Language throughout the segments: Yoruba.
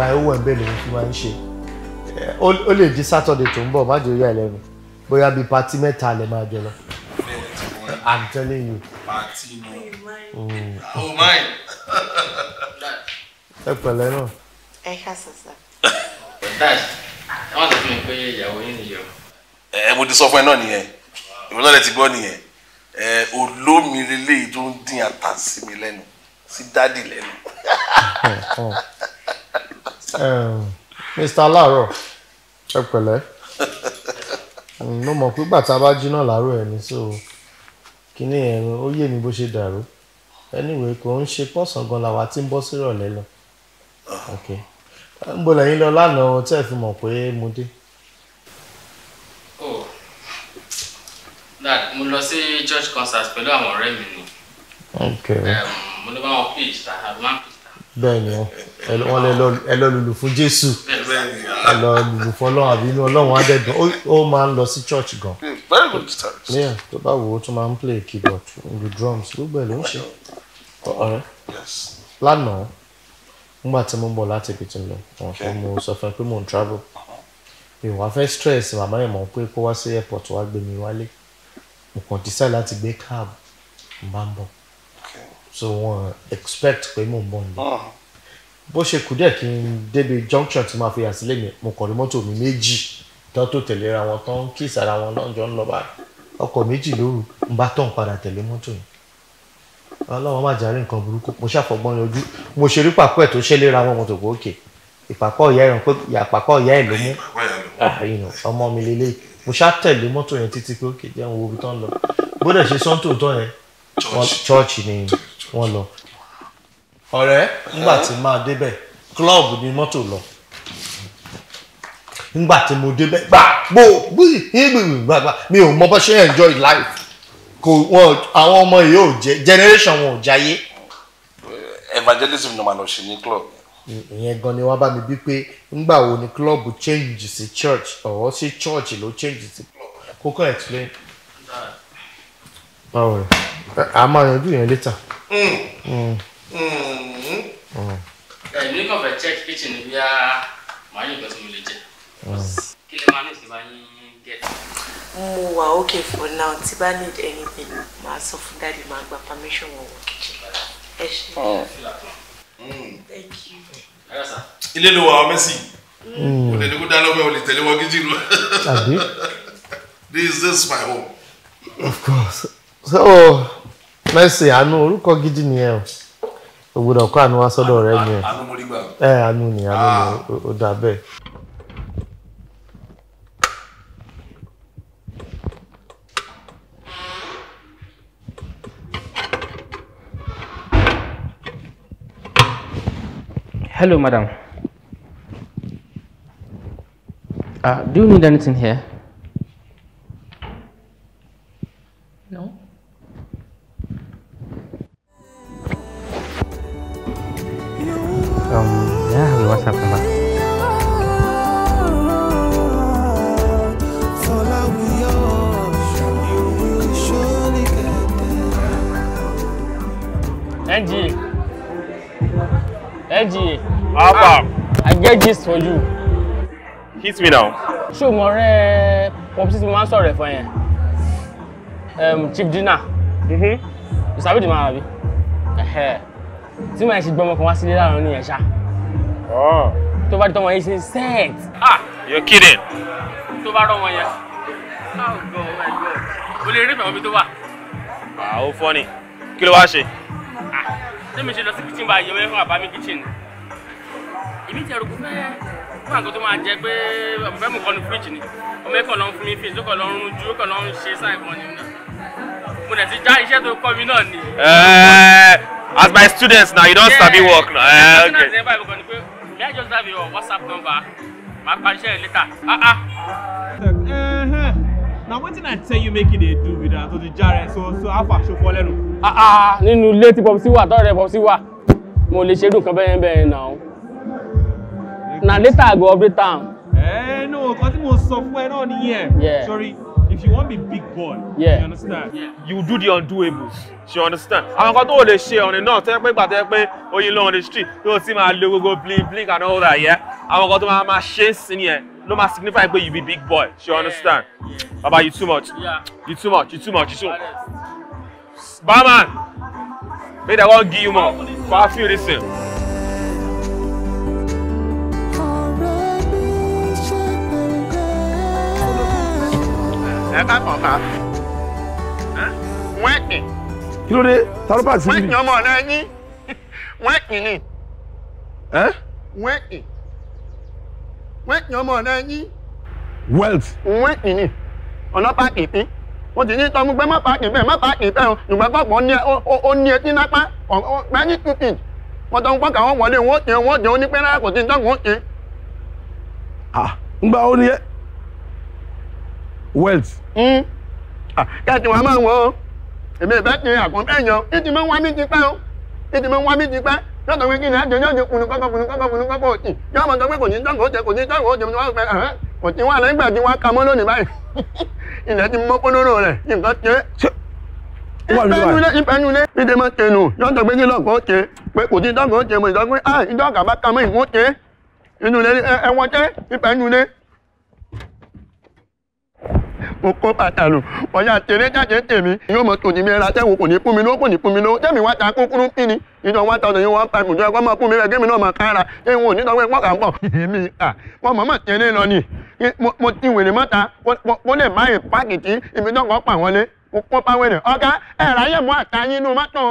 bá ẹ wọ̀ ẹ̀bẹ̀ lòun máa ń ṣe ó lè di sátọ̀dẹ̀ tó ń bọ̀ má jẹ́ oyá ẹlẹ́nu bóyá bíi patí mẹ́ta lè máa jẹ lọ I'm telling you. patí oh, mo oh my. ẹ pẹ̀lẹ́ náà. ẹ ká sọ̀sọ̀. ẹ má sọ fún mi pé ìyàwó yín nìyẹn o. ẹ mo ti sọ fún ẹ náà nìyẹn ìwọ náà lè ti gbọ́ nìyẹn ẹ olómi lélẹ́yìí tó ń dín ata sí mi lẹ́nu sí dádì lẹ́nu. Mr. Laro, ẹ pẹ̀lẹ́ ló mọ̀ pé gbàtà bá jí náà ẹni so kíní yẹn ó yé mi bó ṣe dàrú anyway kò ń ṣe pọ̀sán gan làwa tí ń bọ́ sírọ̀lẹ́ lọ ń bo lẹ́yìn lọ lánàá tẹ́ ẹ fi mọ̀ pé mo dé. Oh. dad mo lọ sí church concert pẹ̀lú àwọn ọ̀rẹ́ mi ni mo lọ bá wọn pitch tàbí máa pitch bẹ́ẹ̀ni wọ́n lè lọ lùlù fún jésù ẹ lọ lùlù fún ọlọ́run àbí inú ọlọ́run á dẹ̀dùn ó máa ń lọ sí church gan. Hmm, very good start. yeah tó bá wò ó tún máa ń play keyboard the drums gbogbo ẹ̀ ló ń ṣe ọ̀rẹ́ lánàá nígbà tí mo ń bọ̀ láti ibi tí mo lọ ọ̀hún mo sọ fún ẹ pé mo ń travel mi ò wá fẹ́ stress màmá yẹn mọ̀ pé kó wá sí airport wá gbé mi wálé mo kàn decide láti gbé cab mo bá ń bọ̀ so wọn expect pé mò ń bọ̀ nílé ah. bó ṣe kù díẹ̀ kí n débi junction tí máa fi hàn sílé mi mo kọ̀ rí mọ́tò mi méjì tán tó tẹ̀lé ra wọn tán kí ìsara wọn lọ́njọ́ ń lọ bá ọkọ̀ méjì lóru ń bá tán padà tẹ̀lé mọ́tò yìí ọlọ́wọ́n má jàre nǹkan burúkú mo ṣàfọ̀gbọ́n yanjú mo ṣe rí pàpọ̀ ẹ̀ tó ṣe léra wọn mo tò gòkè ìpàpọ̀ ìyá ẹ̀ pé ìyàpàpọ̀ ìyá ẹ̀ ló mú ah, ọmọ mi lélẹ̀ mo ṣá tẹ̀lé mọ́tò yẹn títí pé òkè jẹun wo ibi tán lọ bó dẹ̀ ṣe sọ́ńtò tán yẹn chọ́ọ̀chì ni wọ́n lọ ọ̀rẹ́ nígbà tí máa débẹ̀ club ni mọ́tò lọ nígbà tí mo débẹ̀ gbà gbò gbìgbìgbà mi ò mọ bó ṣe enjoy life kò wọn àwọn ọmọ yìí ò jẹ generation wọn ò jáyé. evangelism ni màá lọ ṣe ní club ìyẹn gan ni wọ́n bá mi bí pé ńgbà wo ni club change sí church ọ̀họ́ sí church ló change sí club kókó explain. báwo ẹ a máa yanjú yẹn later ẹ̀mí kan fẹ́ check kitchen bí a máa yí nǹkan tí mo lè jẹ kí lè máa ní ìsinmi bá yín get. mo wà okay for now tí bá need anything máa sọ fún dáàdi máa gba permission wọn wọ kitchen ẹ ṣe. thank you. ilé ló wà ọ mẹ́sì o lè ní kó dáná bẹ́ẹ̀ o lè tẹ̀lé wọn kitchen lọ. this is my home. of course so. Mercy àánú orúkọ gidi nìyẹn o gbọ́dọ̀ kọ́ àánú wá sọ́dọ̀ rẹ ni ẹ ẹ àánú ni àánú ni ó ah. dà bẹ́ẹ̀. Hello, madam. Uh, do you need anything here? me now. ṣùgbọ́n ọ̀rẹ́ for sísun máa ń sọ̀rọ̀ ẹ̀fọ́ yẹn chief dina ìsàbídì máa wà bí tí màá ṣe gbọmọ kan wá sílé láàrin nìyẹn ṣá oh. tó bá tọmọ yìí ṣe set. ah You kidding. tó bá rọmọ yẹn oh, oh, o lè rí ìfẹ̀wọ́ to tó wà. àwọn ah, funny. kí ló wá ṣe. Ah, ṣé mi ṣe lọ sí kitchen bá yẹ mẹ́fún àbámi kitchen ibi tí ẹrù kún fẹ́ẹ́ fún àgọ́ tó máa jẹ pé ọ̀fẹ́ mú kọ́nu fíríjì ni ọmọ ẹ̀kọ́ lọ́n fún mi fíìsì ó kọ́ lọ́n rún ju ó kọ́ lọ́n ṣe sáìmọ́ ni mo dẹ̀ ti já iṣẹ́ tó kọ́ mi náà ni. Eh, as my students now you don sabi work na. ẹ ẹ ok may I just have your WhatsApp number ma pa iṣẹ́ later. Ah, ah. na wetin i tell you make you dey do be that to dey jare so so how far so fall lẹ́nu. Ah, nínú ilé tí pọpsi wà tọrẹ pọpsi wà mo lè ṣerú nǹkan bẹ́ẹ̀ bẹ́ẹ̀ náà na later i go update am. ẹ eh, no nǹkan tí mo sọ fún ẹ náà nìyẹn sorry if you wan be big boy yeah. you understand yeah. you do the undoables. she understand àwọn nǹkan tó o lè ṣe ọ̀rìn náà tẹ́ pé gbàtẹ́ pé oyin lọ on the street tó o ti máa lo gbogbo bling bling and all that yẹ àwọn nǹkan tó máa máa ṣe é sí nìyẹn ló máa signify pé you be big boy she understand yeah. baba you too much yeah. you too much you too much you too much barman make dem wan give you more for how few reasons. náà. wọ́n ẹ̀kìn. kí ló dé ta pàṣẹ níbi. wọ́n ẹ̀kìn ọmọ ọ̀nà ẹ̀yìn wọ́n ẹ̀kìn ni. wọ́n ẹ̀kìn wọ́n ẹ̀kìn ọmọ ọ̀nà ẹ̀yìn. wealth. wọ́n ẹ̀kìn ni ọ̀nà páàkì pín wọ́n ti ní tọ́mú pé má páàkì bẹ́ẹ̀ má páàkì bẹ́ẹ̀ o ìgbà pàpọ̀ ó ní etí nápá many stupid wọ́n tọ́ ń pọ́kà wọ́n wọlé wọ́n tiẹ̀ wọ́n tiẹ̀ ó ní kò sí tọ́ wọ́n tiẹ̀. à ń gbà ó ní ẹ wealth. Hmm? kẹ́ẹ̀tì wọn máa wọ̀ ọ́ èmi ìbẹ́ ti àkàn bẹ́ẹ̀ yan ìtì máa wá mí ti pẹ́ o ìtì máa wá mí ti pẹ́ yọ̀tọ̀ pé kí ni ẹ̀jẹ̀ yọ̀jẹ̀ kunu kọ́kọ́ kunu kọ́kọ́ kunu kọ́kọ́ òtì yọ̀ ọmọ tọ́pẹ́ kò ní tọ́kọ̀ òjẹ kò ní tọ́kọ̀ òjẹ wọn fẹ́ ẹ̀hẹ́ kò tí wọn àlẹ́ ìgbà tí wọn kamọ́ lónìí báyìí ilẹ̀ ti mọ́ pọ́nọ́rọ́ rẹ̀ nǹkan tẹ́ ìfẹ́nulé ìdè máa tẹnu yọ̀tọ̀ pé kí lọ́kọ̀ òjẹ pé kò ní tọ́kọ̀ òjẹ mọ̀ ìdọ́gbé ah ìdọ́gà bá kamọ́ ìwọ́n tẹ́ inú ilé ẹ̀wọ̀n tẹ́ mo kó bàtà lù wọ́n yà tèrè jáde tèmi yóò mọ tòjì mi ra tẹ́wọ̀n kò ní fún mi ló kò ní fún mi ló jẹ́mi wá ta kúkúrú pín ni ìjọ one thousand yóò one five ìjọ ẹ̀kọ́ máa fún mi rẹ̀ gémi náà máa kára ṣé wọn ò ní sọ́wọ́ ẹ̀kọ́ kà ń bọ̀ èmi à wọ́n mọ̀mọ́ tẹ́lẹ̀ lọ ni mo ti wèrè mọ́ta wọ́n lè má yìí páàkì tí ibi náà kọ́ pa wọ́n lé mo kó pa wẹ̀rẹ̀ ọ̀gá ẹ̀ ráyè mọ́ àtàyè inú mọ́tò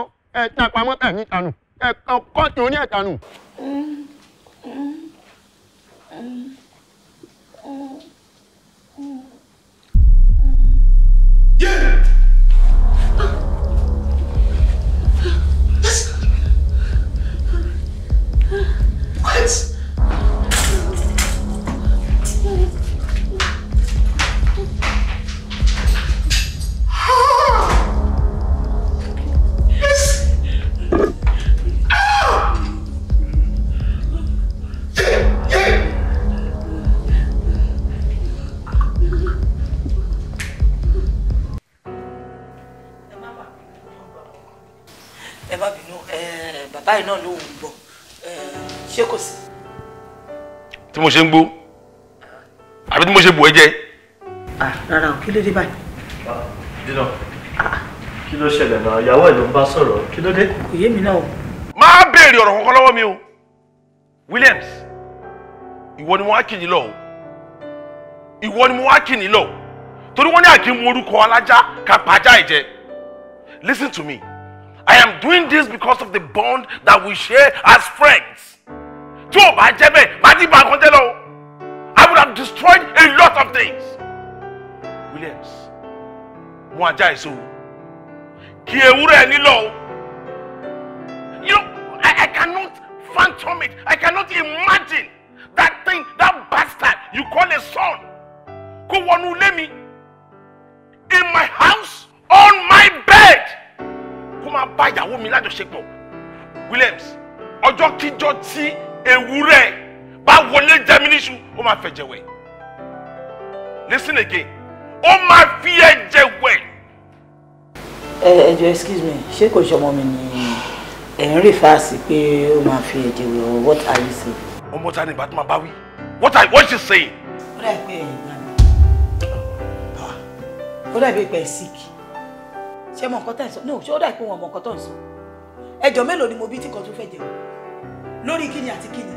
ẹ̀ ta pamọ́ tà ní ìtanù ẹ̀ kọ́ Mm. Mm. mm, mm, mm. Yeah! What? ẹ má bínú bàbá yìí náà lòun gbọ́ ṣé kò sí. tí mo ṣe ń gbó àbí tí mo ṣe bù ẹ jẹ. rárá o kí ló dé báyìí. dínà kí ló ṣẹlẹ̀ náà ìyàwó ẹ̀ ló ń bá sọ̀rọ̀ kí ló dé. kò yé mi náà o. má béèrè ọ̀rọ̀ kankan lọ́wọ́ mi o Williams ìwọ ni mo wá kìnyín lọ o ìwọ ni mo wá kìnyín lọ torí wọ́n ní àkínmú orúkọ alájá kápájá ẹ̀jẹ̀ listen to me I am doing this because of the bond that we share as friends. Tí o bá jẹ́ bẹ́ẹ̀, màá I would have destroyed a lot of things. Williams, mú ajá èso o. Kì You know, I, I cannot phantom it. I cannot imagine that thing, that bastard you call a son. Kó wọnú ilé mi. In my house, on my bed kó máa bá ìyàwó mi lájọṣepọ̀ Williams ọjọ́ kíjọ́ tí ewúrẹ́ bá wọlé jẹ mí níṣu ó máa fẹ̀jẹ̀ wẹ̀ listen again ó máa fi ẹ̀jẹ̀ wẹ̀. ẹ ẹ jọ̀ọ́ excuse me ṣé kò ṣọmọ mi ni ẹ ń rí fáàsì pé ó máa fi ẹ̀jẹ̀ wẹ̀ or what are you saying. ọmọ ta ni ìbá máa bá wí what are what you saying. ó dàbí pé ẹ̀yìn náà ó ẹ̀ sick ṣé mọ nǹkan tẹ̀ ń sọ no ṣé ó dà pé wọn mọ nǹkan tó ń sọ ẹjọ́ mélòó ni mo bí tí nǹkan tó fẹ́ jẹ lórí kíni àti kíni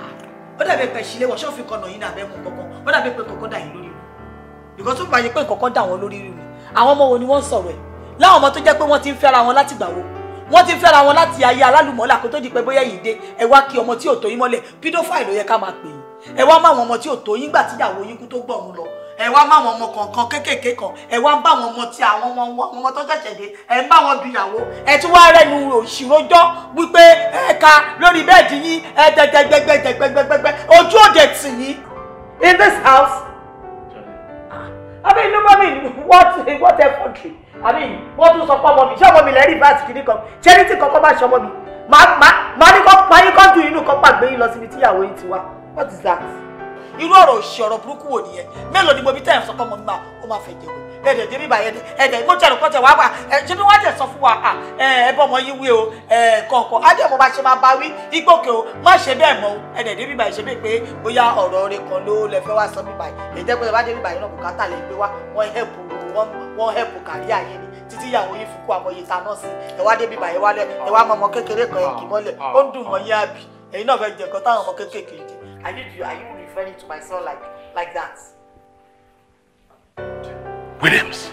ah, ó dàbí pé ṣílé wọ́n ṣọ́ọ̀fì kan nàyìn náà abẹ́mú kankan ó dàbí pé kankan dà yín lórí rú because tó bá yẹ pé kankan dà wọ́n lórí rú ni àwọn ọmọ wo ni wọ́n ń sọ̀rọ̀ ẹ̀ láwọn ọmọ tó jẹ́ pé wọ́n ti ń fẹ́ra wọn láti gbà wo wọ́n ti ń fẹ́ra wọn láti ayé alálùmọ́lá kó tó di pé bóyá yìí dé ẹ wá kí ọmọ tí ò tó yín mọ́lẹ̀ pedophile ló ká máa pè yín ẹ wá máwọn ọmọ tí ò tó yín gbà tíyàwó yín kú tó gbọ̀ ọ̀hún lọ ẹ wá má àwọn ọmọ kọ̀ọ̀kan kéékèèké kan ẹ wá bá àwọn ọmọ tí àwọn ọmọ wọn ọmọ tó ṣẹ̀ṣẹ̀ dé ẹ ń bá wọn dùyàwó ẹ tún wá rẹnu òṣìròjọ́ wípé ẹ̀ka lórí bẹ́ẹ̀dì yín ẹ dẹ̀dẹ̀gbẹ̀gbẹ̀gbẹ̀gbẹ̀gbẹ̀ ojú òde tì yín in this house. I mean, no, I mean, what, what effrontery? I mean, wọ́n tún sọ pé ọmọ mi ṣé ọmọ mi lẹ́rìí bá ti kiri charity kankan bá ṣe ọmọ mi màá ní kọ́ pa yín kọ́ dùn inú kan pàgbé yín lọ síbi tíyàwó yín ti wá what is that? irú ọ̀rọ̀ òṣì ọ̀rọ̀ burúkú wò nìyẹn mélòó ni mo bí tẹ̀yàn sọ pé ọmọ mi máa ó máa fẹ́ jẹun ẹ̀dẹ̀ débi bàyẹ̀ ẹ̀dẹ̀ mo jẹ́ àlùkò tẹ̀ wá wà ẹ̀ ṣé bí wọ́n jẹ̀ sọ fún wa ẹ̀ bọ́ ọmọ yín wí o ẹ̀ kọ̀ọ̀kan adé mo bá ṣe máa bá wí igbóke o má ṣe bẹ́ẹ̀ mọ́ ẹ̀dẹ̀ débi bàyẹ̀ ṣe bẹ́ẹ̀ pé bóyá ọ̀rọ̀ rẹ kan ló lẹ fẹ́ wá sọ mi báyìí èyí tẹ́ pé ẹ bá débi bàyẹ̀ náà bùkátà lè gbé wá wọ́n hẹ̀pù wọ́n hẹ̀pù kárí àyè ni títí ìyàwó yìí fún kó àmọye ta nọ́ọ̀sì ẹ wá débi bàyẹ̀ wálẹ̀ ẹ wá mọ ọmọ kékeré kan ẹ kì mọ́lẹ̀ ó ń dùn mọ́ yín àbí ẹ̀yin náà fẹ́ jẹ̀kọ́ táwọn ọmọ kékèké jẹ àyè referring to my son like like that. Williams.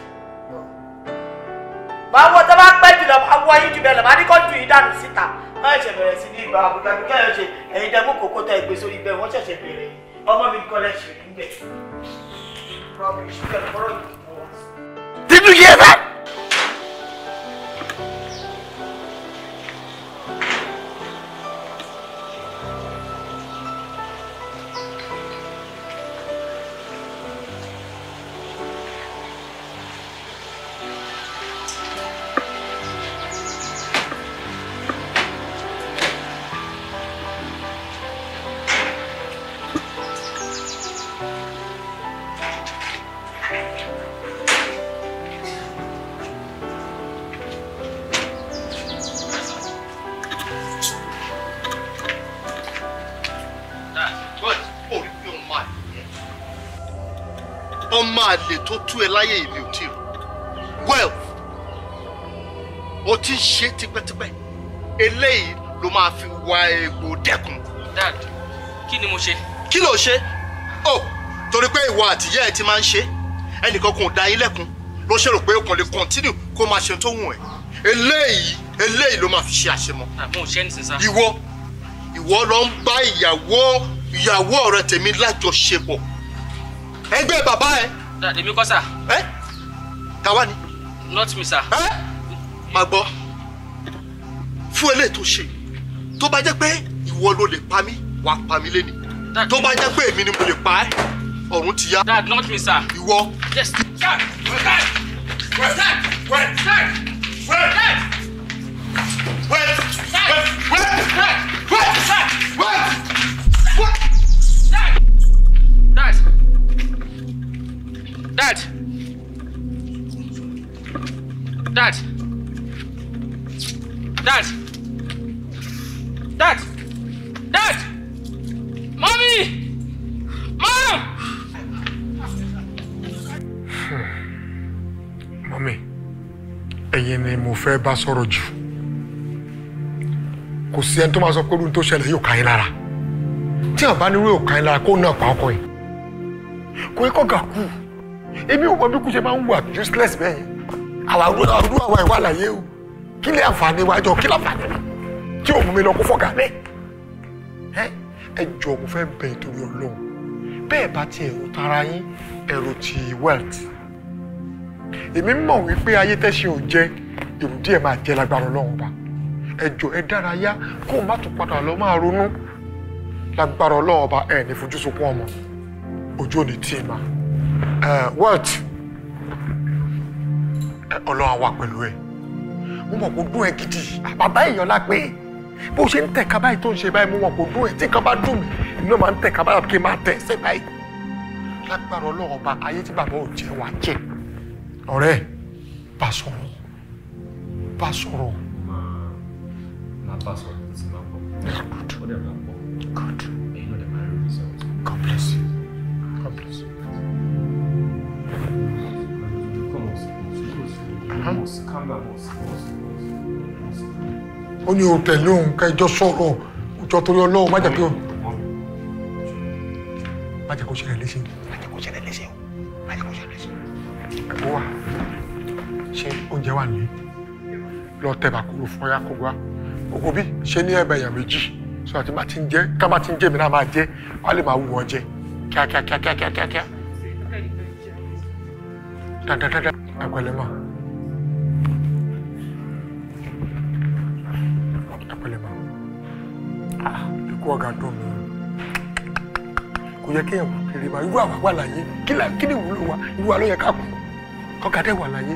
Máa wọ tó bá pẹ́ jùlọ máa wọ yín jù bẹ́ẹ̀ lọ, máa ní kó ju ìdánù síta. Wọ́n ṣẹ̀ṣẹ̀ bẹ̀rẹ̀ sí ní ìgbà àbúkà bí kẹ́yọ̀ ṣe ẹ̀yin dẹ́gbọ́n kòkó tẹ ìgbé sórí bẹ́ẹ̀ wọ́n ṣẹ̀ṣẹ̀ bẹ̀rẹ̀ ọmọ mi kọ́lẹ̀ ṣì ń bẹ̀. Did you hear that? tó tú ẹ láyé ìbí ò tí ì wealth o ti ń ṣe tipẹ́tipẹ́ eléyìí ló máa fi wá egbò dẹ́kun. dad kí ni mo ṣe. kí ló ṣe o oh, torí pé ìwọ àtìyá ẹ ti máa ń ṣe ẹnìkan kò dá yín lẹ́kun ló ṣe rò pé o kàn lè continue kó máa ṣe tó wù ẹ eléyìí eléyìí ló máa fi ṣe àṣemọ. àmọ́ òṣè ní sísá. ìwọ ìwọ ló ń bá ìyàwó ìyàwó ọ̀rẹ́ tèmi lájọṣepọ̀ ẹgbẹ́ bàbá ẹ èmi kọ́ sà. ẹ tàwa ni. not me sà. ẹ máa gbọ́ fún eléyìí tó ṣe tó bá jẹ́ pé ìwọ ló lè pa mí wàá pa mí lẹ́nu tó bá jẹ́ pé èmi ni mo lè pa ẹ́ ọ̀run ti yá. dad not me sir. ìwọ. yes sir sir sir sir sir sir. Wait! Wait! Wait! Wait! Wait! Wait! Wait! Dad! Dad! Dad! Dad! Dad! Mommy! Mom! Mommy, ẹ̀yin ni mo fẹ́ bá sọ̀rọ̀ jù. Kò sí ẹni tó máa sọ pé ohun tó ṣẹlẹ̀ yóò ká yín lára. Tí àbá nírú yóò ká yín lára kó náà pa ọkọ yìí. Kò yẹ kó gà kú èmi ò mọ bí kú máa ń wà useless bẹ́ẹ̀ yẹn àwàrú àwàrú àwa ìwà àlàyé o kí lè àǹfààní wa jọ kí lè àǹfààní mi tí òun mi lọ kó fọ̀gà bẹ́ẹ̀ ẹ ẹ jọ mo fẹ́ bẹ̀ nítorí ọlọ́run bẹ́ẹ̀ bá ti ẹ̀rù tara yín ẹ̀rù ti wealth èmi mọ̀ wípé ayé tẹ́sí ò jẹ́ èrò díẹ̀ máa jẹ́ lágbára ọlọ́run ọba ẹ jọ ẹ dárayá kó o má tún padà lọ máa ronú lágbára ọlọ́run ọba ẹ̀ ní fojú sunkún ọmọ ojú ò ní tì í máa ẹ eh, what eh, ọlọ́run á wà pẹ̀lú ẹ mo mọ̀ kó dún ẹ gidi bàbá èèyàn la pé bó ṣe ń tẹ̀ka báyìí tó ń ṣe báyìí mo mọ̀ kó dún ẹ tí nǹkan bá dùn mí inú máa ń tẹ̀ka báyìí kí n máa tẹ̀ ẹsẹ̀ báyìí lágbára ọlọ́run ọba ayé tí bàbá ò jẹ́ wàá jẹ́ ọ̀rẹ́ bá sọ̀rọ̀ bá sọ̀rọ̀. máa bá sọ̀rọ̀ sí máa bọ̀ ó dẹ̀ máa bọ̀. ó ní o tẹ̀lé òun kẹjọ sọ̀rọ̀ òjò torí ọlọ́run má jẹ́ kí o má jẹ́ kó ṣẹlẹ̀ léṣe. má jẹ́ kó ṣẹlẹ̀ léṣe o má jẹ́ kó ṣẹlẹ̀ léṣe. ẹ̀kọ́ wa ṣé oúnjẹ wà ní lọ tẹ̀bà kúrò fún ọyá kó wá òkú bí ṣe ní ẹ̀bà ìyà méjì sọ àti má ti ń jẹ́ ká má ti ń jẹ́ mi náà máa jẹ́ wàá lè máa wù wọ́n jẹ kíákíákíákíákíá. dáadáa dáadáa wọ́n ga dùn mí kò yẹ kéèyàn kò kéré ma irú àwa wà láyé kí ni ìwúlò wa irú àlọ́ yẹ ká kú kọ́kadẹ́ wà láyé.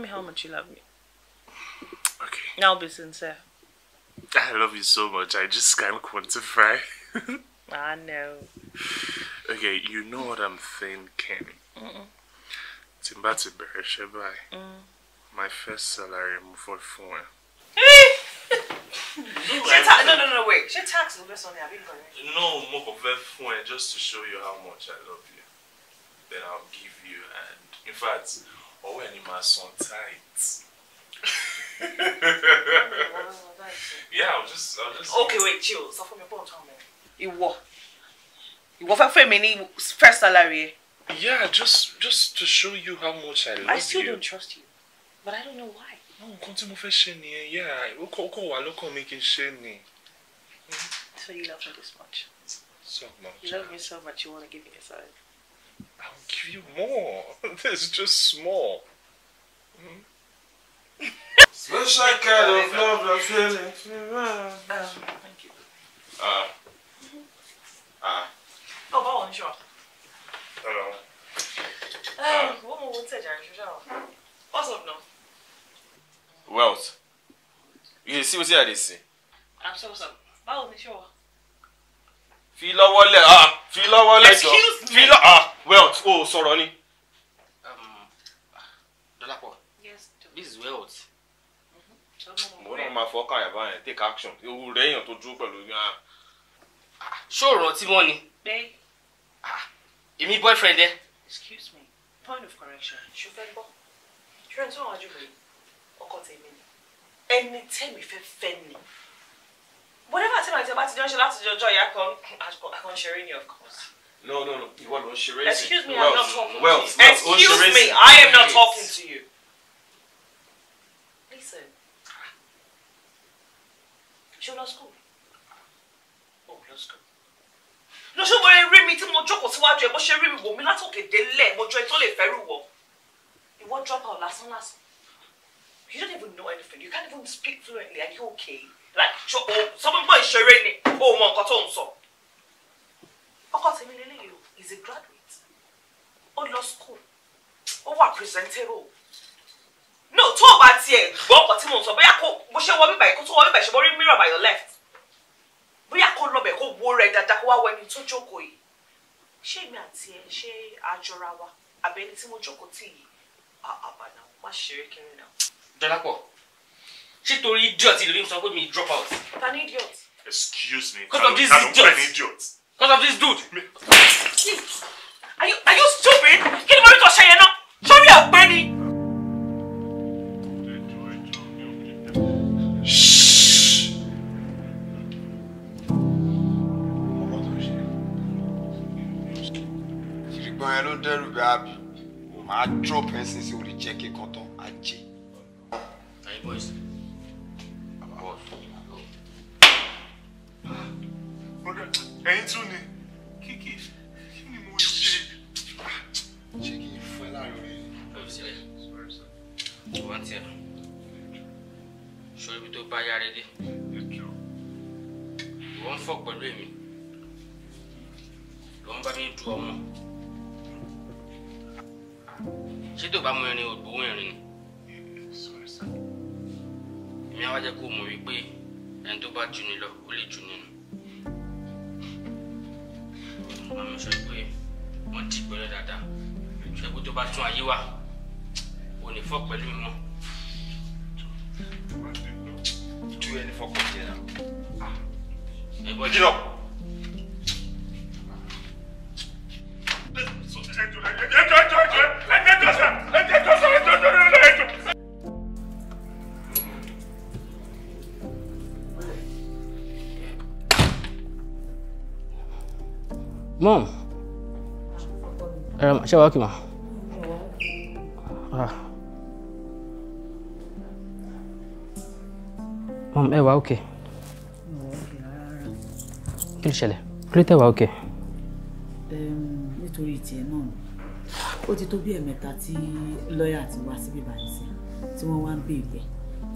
me how much you love me. Okay. Now be sincere. I love you so much. I just can't quantify. I know. Okay, you know what I'm thinking. Timba ti bye. Mm. My first salary mo fọ́ fún ẹ. Ṣé tax? No, no, no, wait. Ṣé tax best one. I've been ìkọ̀rẹ́? No, mo kàn fẹ́ just to show you how much I love you. Then I'll give you and in fact ọwọ́ ẹ̀ ni máa san tight. yeah, I will just, I will just. Okay, wait, chill. Sọ fún mi me. ọ̀tọ̀ mi. Ìwọ. Ìwọ fẹ́ fẹ́ mi ní first salary Yeah, just just to show you how much I love you. I still you. don't trust you, but I don't know why. No, nǹkan tí mo fẹ́ yeah, ó kọ̀ wá lọ́kàn mi kí making ṣe ni. So you love me this much? So much. You love me so much, you want to give me a sign. I'll give you more. This is just small. Hmm? Special kind of love I'm feeling. Oh, thank you. Ah. Uh, ah. Oh, báwo ni Hello. Ẹ wọ́n mú owó tẹ̀jà rẹ̀ ṣọ́ṣọ́ What's up now? Wealth. You dey see wetin I dey see? Absorb some. Báwo ni ṣọ́ wa? fi lọ́wọ́ lẹ̀ ah fi lọ́wọ́ lẹ̀ jọ fi lọ́ ah wealth o sọ̀rọ̀ ni. Um, Dọ́lápọ̀ this is wealth. Mm-hmm. mo náà máa fọ́ọ̀kà yàrá yẹn take action ewu rẹ̀ èèyàn tó dúró pẹ̀lú yàrá. Ah. ṣòro tí wọ́n ni. bẹ́ẹ̀. Ah, èmi boyfriend ẹ. excuse me point of correction ṣùfẹ́ gbọ́ ṣùfẹ́ tí wọ́n wájú mi ọkọ tèmi ni ẹni tẹ́mi fẹ́ fẹ́ ni whatever I àti màtí ọba ti jọ ń ṣe láti jọjọ I can't share any, of course. No, no, no. You want to share Excuse me, well, I'm not talking well, to you. Well, Excuse me, I am not talking to you. Listen. Ṣé o lọ school? O oh, lọ school. Lọ ṣé wọ́n rí mi tí mo jókòó síwájú ẹ̀ bó ṣe rí mi wò mí látòkè délẹ̀ mo jọ ẹ tó lè fẹ́rù wọ. drop out Last one, last. You don't even know anything. You can't even speak fluently. Are you okay? like sọ fún mi pé ìṣeré ni o mọ nǹkan tó ń sọ ọkọ tèmi lélẹ́yìí is a graduate Oh, lọ school ó wà presentable no tó o bá tiẹ̀ gbọ́ ọkọ̀ tí mo ń sọ bóyá kó mo ṣe wọ bíbà yìí kó tó wọ bíbà yìí ṣe mo rí mirror by your left bóyá kó lọbẹ̀ kó wo rẹ̀ dáadáa kó wá wọ ẹni tó jókòó yìí ṣé èmi àti ẹ ṣé àjọra wa àbẹ̀ni tí mo jókòó tì yìí àbànà ah, ah, má ṣeré kiri náà. Dọ́lápọ̀ ṣé torí idiot lórí mi sọ pé mi drop out. ta idiot. excuse me because of this idiot because of this dude. are you are you stupid kí ni mo rí tó ṣe yẹn náà sórí ọ̀pẹ ni. ṣí. ẹ ló dẹrù bí abi màá drop ẹ sí orí jẹ́ kíkan tán. She's working, ma. Mom, ẹ wà okay. Kí ló ṣẹlẹ̀? Kí ló tẹ̀ wà okay? Um, tiẹ̀ náà, ó ti tó bí ẹ̀mẹ́ta tí lọ́ọ̀yà ti wá síbí báyìí sí, tí wọ́n wá ń béèrè,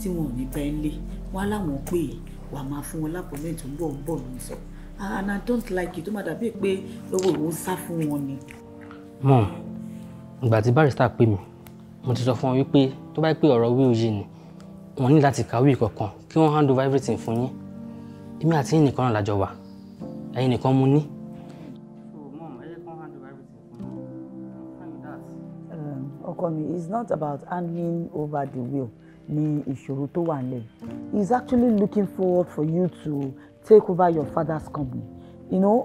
tí wọ́n ò ní bẹ́ẹ̀ lé, wọ́n á láwọn pè é, wà á máa fún wọn lápọ̀mẹ́ntì so. bọ̀ ah, And I don't like it, ó má dàbí pé lọ́wọ́ òun sá fún mọ ìgbà tí barrister pè mí mo ti sọ fún wọn wípé tó bá pé ọ̀rọ̀ wíwò yìí ni wọn ní láti kàwé ìkọ̀kan kí wọ́n hand over everything fún yín èmi àti yín nìkan náà lájọ wà ẹ̀yin nìkan mú ní. Um, ọkọ mi it's not about handing over the will ni ìṣòro tó wà nílẹ̀ he's actually looking forward for you to take over your father's company you know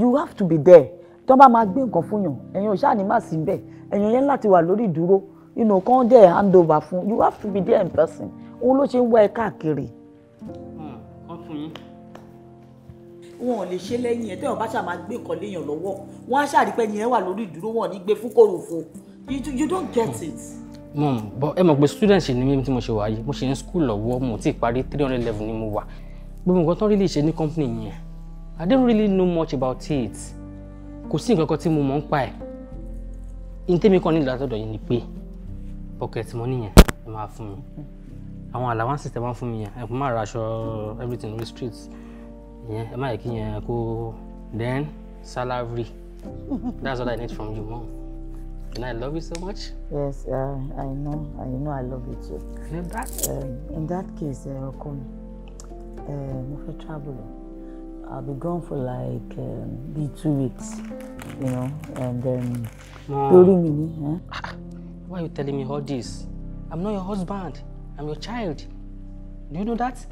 you have to be there tó bá máa gbé nǹkan fún yàn ẹ̀yin ò ṣáà ní má sí bẹ́ẹ̀ ẹ̀yin yẹn láti wà lórí ìdúró inú kan dẹ̀ hand over fún you have to be there in person òun ló ṣe ń wá ẹ káàkiri. Hmm, wọn ò lè ṣe lẹ́yìn ẹ̀ tẹ́wọ̀n bá ṣáà máa gbé nǹkan léèyàn lọ́wọ́ wọn á ṣàrípẹ́ yẹn wà lórí ìdúró wọn ò ní gbé fún kòròfo you you don't get hmm. it mom but ẹ mọ̀ pé student ni mi tí mo ṣe wà mo ṣe ń school lọ́wọ́ mo ti parí three hundred level ni mo wà gbogbo nǹkan tó rí lè ṣe ní company yẹn i don't really know much about it kò sí nǹkan kan tí mo mọ̀ ń pa ẹ̀ ntẹ́mi kan nílò látọ̀dọ̀ yìí ni pé pocket money yẹn ẹ máa fún mi àwọn allowances tẹ máa fún mi yẹn ẹ máa ra aṣọ everything lórí street yẹn ẹ máa yẹ kí yẹn kó then salary that's all I need from you mom and I love you so much. yes uh, I know I know I love you too. in that, um, in that case uh, ọkọ mi uh, mo fẹ́ travel. I'll be gone for like um, be two weeks, you know, and then me, huh? Ah, ah. Why are you telling me all this? I'm not your husband. I'm your child. Do you know that?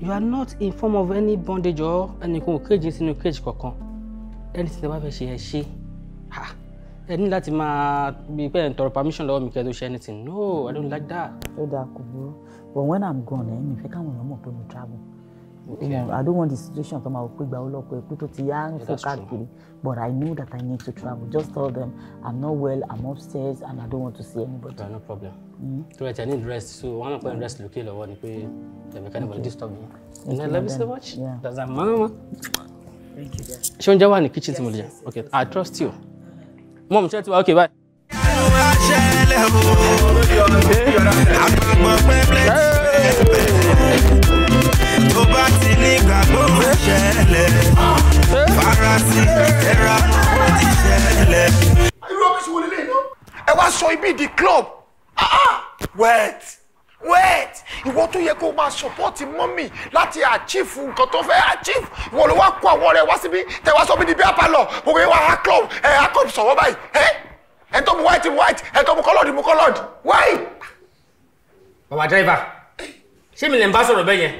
You are not in form of any bondage or any cage sínú cage kankan. Anything tẹ́ bá fẹ́ ṣe ẹ ṣe. Ah, ẹ ní láti máa bí permission or mi kẹ́ tó anything. No, I don't like that. But when I'm gone, ẹ̀ eh, mi fẹ́ káwọn èèyàn mọ̀ pé mo travel okay. i don't want the situation to máa pé gba ọlọ́pàá ẹ̀kú tó ti yá ń so káàkiri but i know that i need to travel just tell them i'm not well i'm upstairs and i don't want to see anybody. no problem tó rẹ̀ tẹ̀ need rest so one of my rest lókè lọ́wọ́ ni pé ẹ̀mí kan níbo disturb me and i love you so much yeah. that's my mama. Thank you, wà ní kitchen tí mo lè jẹ okay i trust you mom ṣe ti wa okay bye. be the club ah wait wait ìwọ tó yẹ kó máa support mọ́mì láti achieve nǹkan tó fẹ́ achieve ìwọ ló wá kó àwọn ọ̀rẹ́ wá síbi tẹ wá sọ mí di bí apalọ gbogbo yẹn wá ha club ẹ ha club sọ̀rọ̀ báyìí ẹ ẹ tó mu white mu white ẹ tó mu coloured mu coloured why. bàbá driver ṣé mi lè ń bá sọ̀rọ̀ bẹ́ẹ̀ yẹn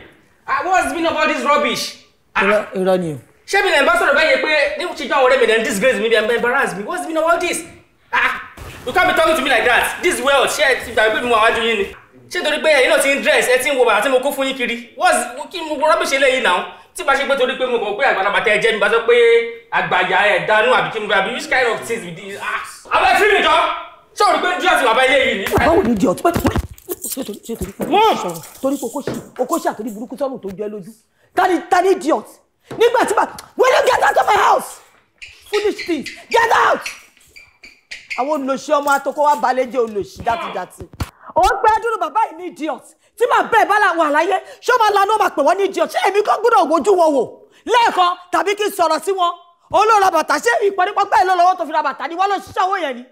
ah, what's been about this rubbish. Ah, irọ́ ni o. ṣé mi lè ń bá sọ̀rọ̀ bẹ́ẹ̀ yẹn pé ní ṣíjọ́ àwọn ọ̀rẹ́ mi dem disgrace mi dem embarrass me what's been about this. Ah you can't be talking to me like that this world ṣé ìgbàgbé mi wà wájú yín ni ṣé torí pé ẹ̀yin náà ti dress ẹ ti ń wo bàtà tí mo kó fún yín kiri what's kí mo rọ́bì ṣe léyìn now? tí bá ṣe pé torí pé mo kàn pé àgbàlagbà tẹ ẹ jẹ́ mi bá sọ pé àgbàyà ẹ̀ dánú àbí kí mo bá bí which kind of things with this ah àwọn ẹ̀fín mi jọ ṣé o rí pé díẹ̀ ti wà bá ilé yìí ni. báwo ni díẹ̀ ọ̀tún pẹ́ torí pé okó ṣe àtòrí burúkú sọ́run tó jẹ́ lójú tani tani idiot nígbà tí bá will you get out of my house foolish thing get out àwọn olùlòṣì ọmọ atoko wa balẹ̀ jẹ́ olùlòṣì játijàti. ó ń pẹ́ dúró bàbá yìí ní idiot tí màá bẹ́ẹ̀ bá làwọn àlàyé ṣé ó máa lanú ọmọ pè wọ́n ní idiot ṣé èmi kan gbọ́dọ̀ wojú wọn wò lẹ́ẹ̀kan tàbí kí n sọ̀rọ̀ sí wọn olóòrà bàtà ṣé ìpàdépọ̀gbẹ́ ẹ̀ lọ́wọ́ tó fi ra bàtà ni wọ́n lọ ṣiṣẹ́ owó yẹn ni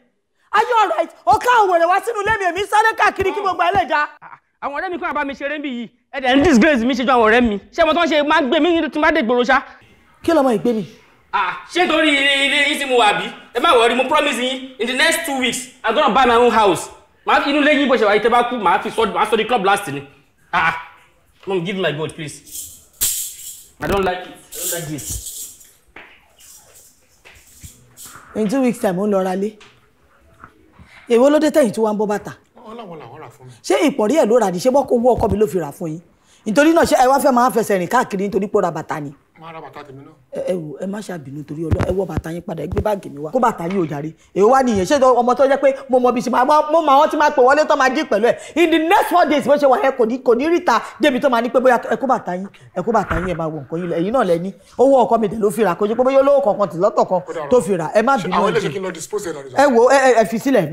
are you alright ó ká àwọn wèrè wá sínú ilé mi èmi sáré káàkiri kí gbogbo ẹ lè dá. àwọn ọ̀rẹ́ mi kún àbá mi ṣeré ń bì yìí ẹ̀dẹ̀ ń disgrace mi ṣe ju àwọn ọ̀rẹ́ mi ṣé mo tán ṣe máa ń gbé mi tí mo bá dé gbòòrò ṣá. kí lọmọ ìgbé mi ah ṣé torí ilé yín tí mo wà bí ẹ má wọrí mo promise yín in the next two weeks i'm gonna buy my own house màá fi inú lẹ́yìn bó ṣe wáyé tẹ́ bá kú màá fi sọ màá sọ di club last ni ah mom ah. give me my gold please i don't like it i don't like this. in two weeks time ó lọ ra lé èwo ló dé tẹ̀yìn tí wọ́n ń bọ́ bàtà ṣé ìpọ̀rí ẹ̀ ló rà ní ṣé bọ́kọ̀ owó ọkọ mi ló fi rà fún yín nítorí náà ṣé ẹ wá fẹ́ máa fẹsẹ̀ rìn káàkiri nítorí pé ó ra bàtà ni ẹ wò ẹ má ṣàbínú torí Ọlọ́run ẹ wọ bàtà yín padà gbé báàgì mi wá kó bàtà yín ò èyí wá nìyẹn ṣé ọmọ tó jẹ pé mo mọ bí ṣe máa mo mọ àwọn tí máa pè wọlé tó máa dín pẹ̀lú ẹ in the next four days bó ṣe wà ẹ kò ní kò ní ríta débi tó máa ní pé bóyá ẹ kó bàtà yín ẹ kó bàtà yín ẹ máa wọ nǹkan yín lọ ẹ̀yin náà lẹ owó ọkọ mi dẹ̀ ló fi kó jẹ́ pé bóyá olówó kankan tì lọ́tọ̀ kan tó fi ẹ má bínú ẹ ẹ wo ẹ fi sílẹ̀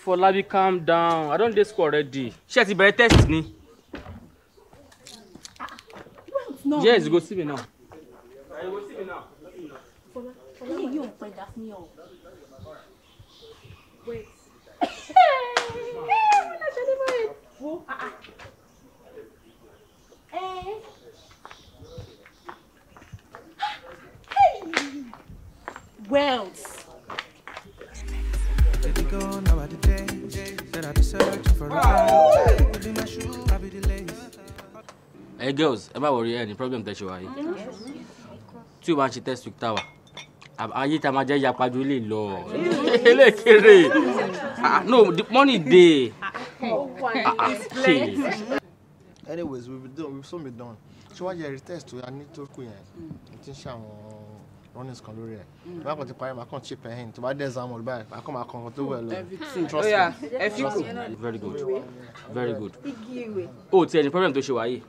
For Fọlábí calm down I don't dey school already. She has ti bẹ̀rẹ̀ test ni? No. Yes, you go see me now. You go see me now. Fọlábí yóò pẹ́ dá fún yàn. Wait. Wells. Let it go, now I the day that I be searching for a ride. Give my shoe, I be the lace. Hey girls, am I worry any problem tẹ́ ṣe wá yìí. Tí test week tower, ayé ta máa jẹ́ yapaju lè lọ. Elékeré. Ah, no, the money dey. Ah, ah, Anyways, we've been done, we've soon been done. Ṣé wàá yẹ retest to yà ní tó kù yẹn? Mo ti ń ṣe àwọn runnings kan lórí ẹ̀ bá kàn ti parí màá kàn chip ẹ̀hìn tó bá dẹ̀ exam all báyìí màá kàn máa kàn tó wẹ̀ trust me ẹ fi kù very good very good o tiẹ̀ ní problem tó ṣe wáyé